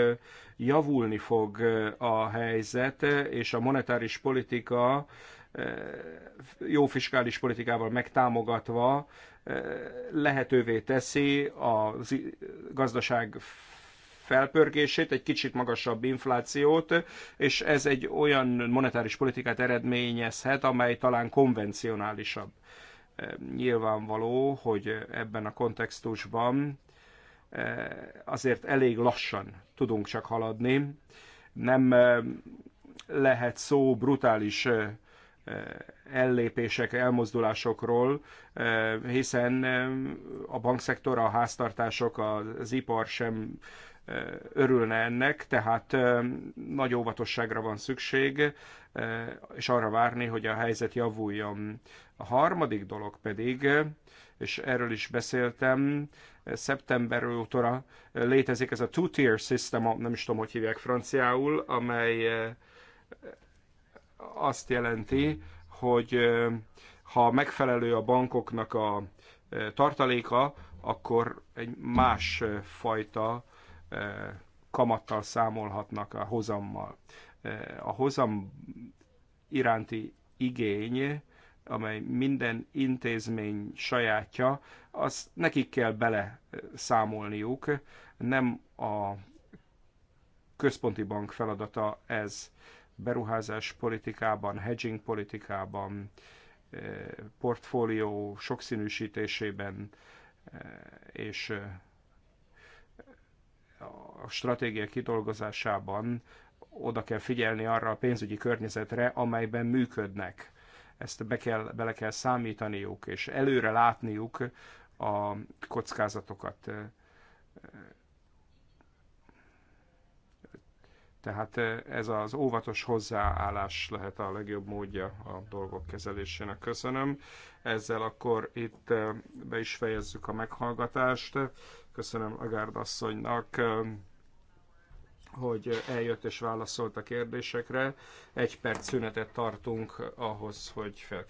javulni fog a helyzet, és a monetáris politika Eh, jó fiskális politikával megtámogatva eh, lehetővé teszi a gazdaság felpörgését, egy kicsit magasabb inflációt, és ez egy olyan monetáris politikát eredményezhet, amely talán konvencionálisabb. Eh, nyilvánvaló, hogy ebben a kontextusban azért elég lassan tudunk csak haladni. Nem lehet szó brutális Eh, ellépések, elmozdulásokról, eh, hiszen eh, a bankszektor, a háztartások, az ipar sem örülne ennek, tehát nagy óvatosságra van szükség, és arra várni, hogy a helyzet javuljon. A harmadik dolog pedig, és erről is beszéltem, szeptember óta létezik ez a two-tier system, nem is tudom, hogy hívják franciául, amely azt jelenti, hogy ha megfelelő a bankoknak a tartaléka, akkor egy más fajta kamattal számolhatnak a hozammal. A hozam iránti igény, amely minden intézmény sajátja, az nekik kell bele számolniuk, nem a központi bank feladata ez beruházás politikában, hedging politikában, eh, portfólió sokszínűsítésében eh, és eh, a stratégia kidolgozásában oda kell figyelni arra a pénzügyi környezetre, amelyben működnek. Ezt be kell, bele kell számítaniuk, és előre látniuk a kockázatokat. Tehát ez az óvatos hozzáállás lehet a legjobb módja a dolgok kezelésének. Köszönöm. Ezzel akkor itt be is fejezzük a meghallgatást. Köszönöm a asszonynak, hogy eljött és válaszolt a kérdésekre. Egy perc szünetet tartunk ahhoz, hogy fel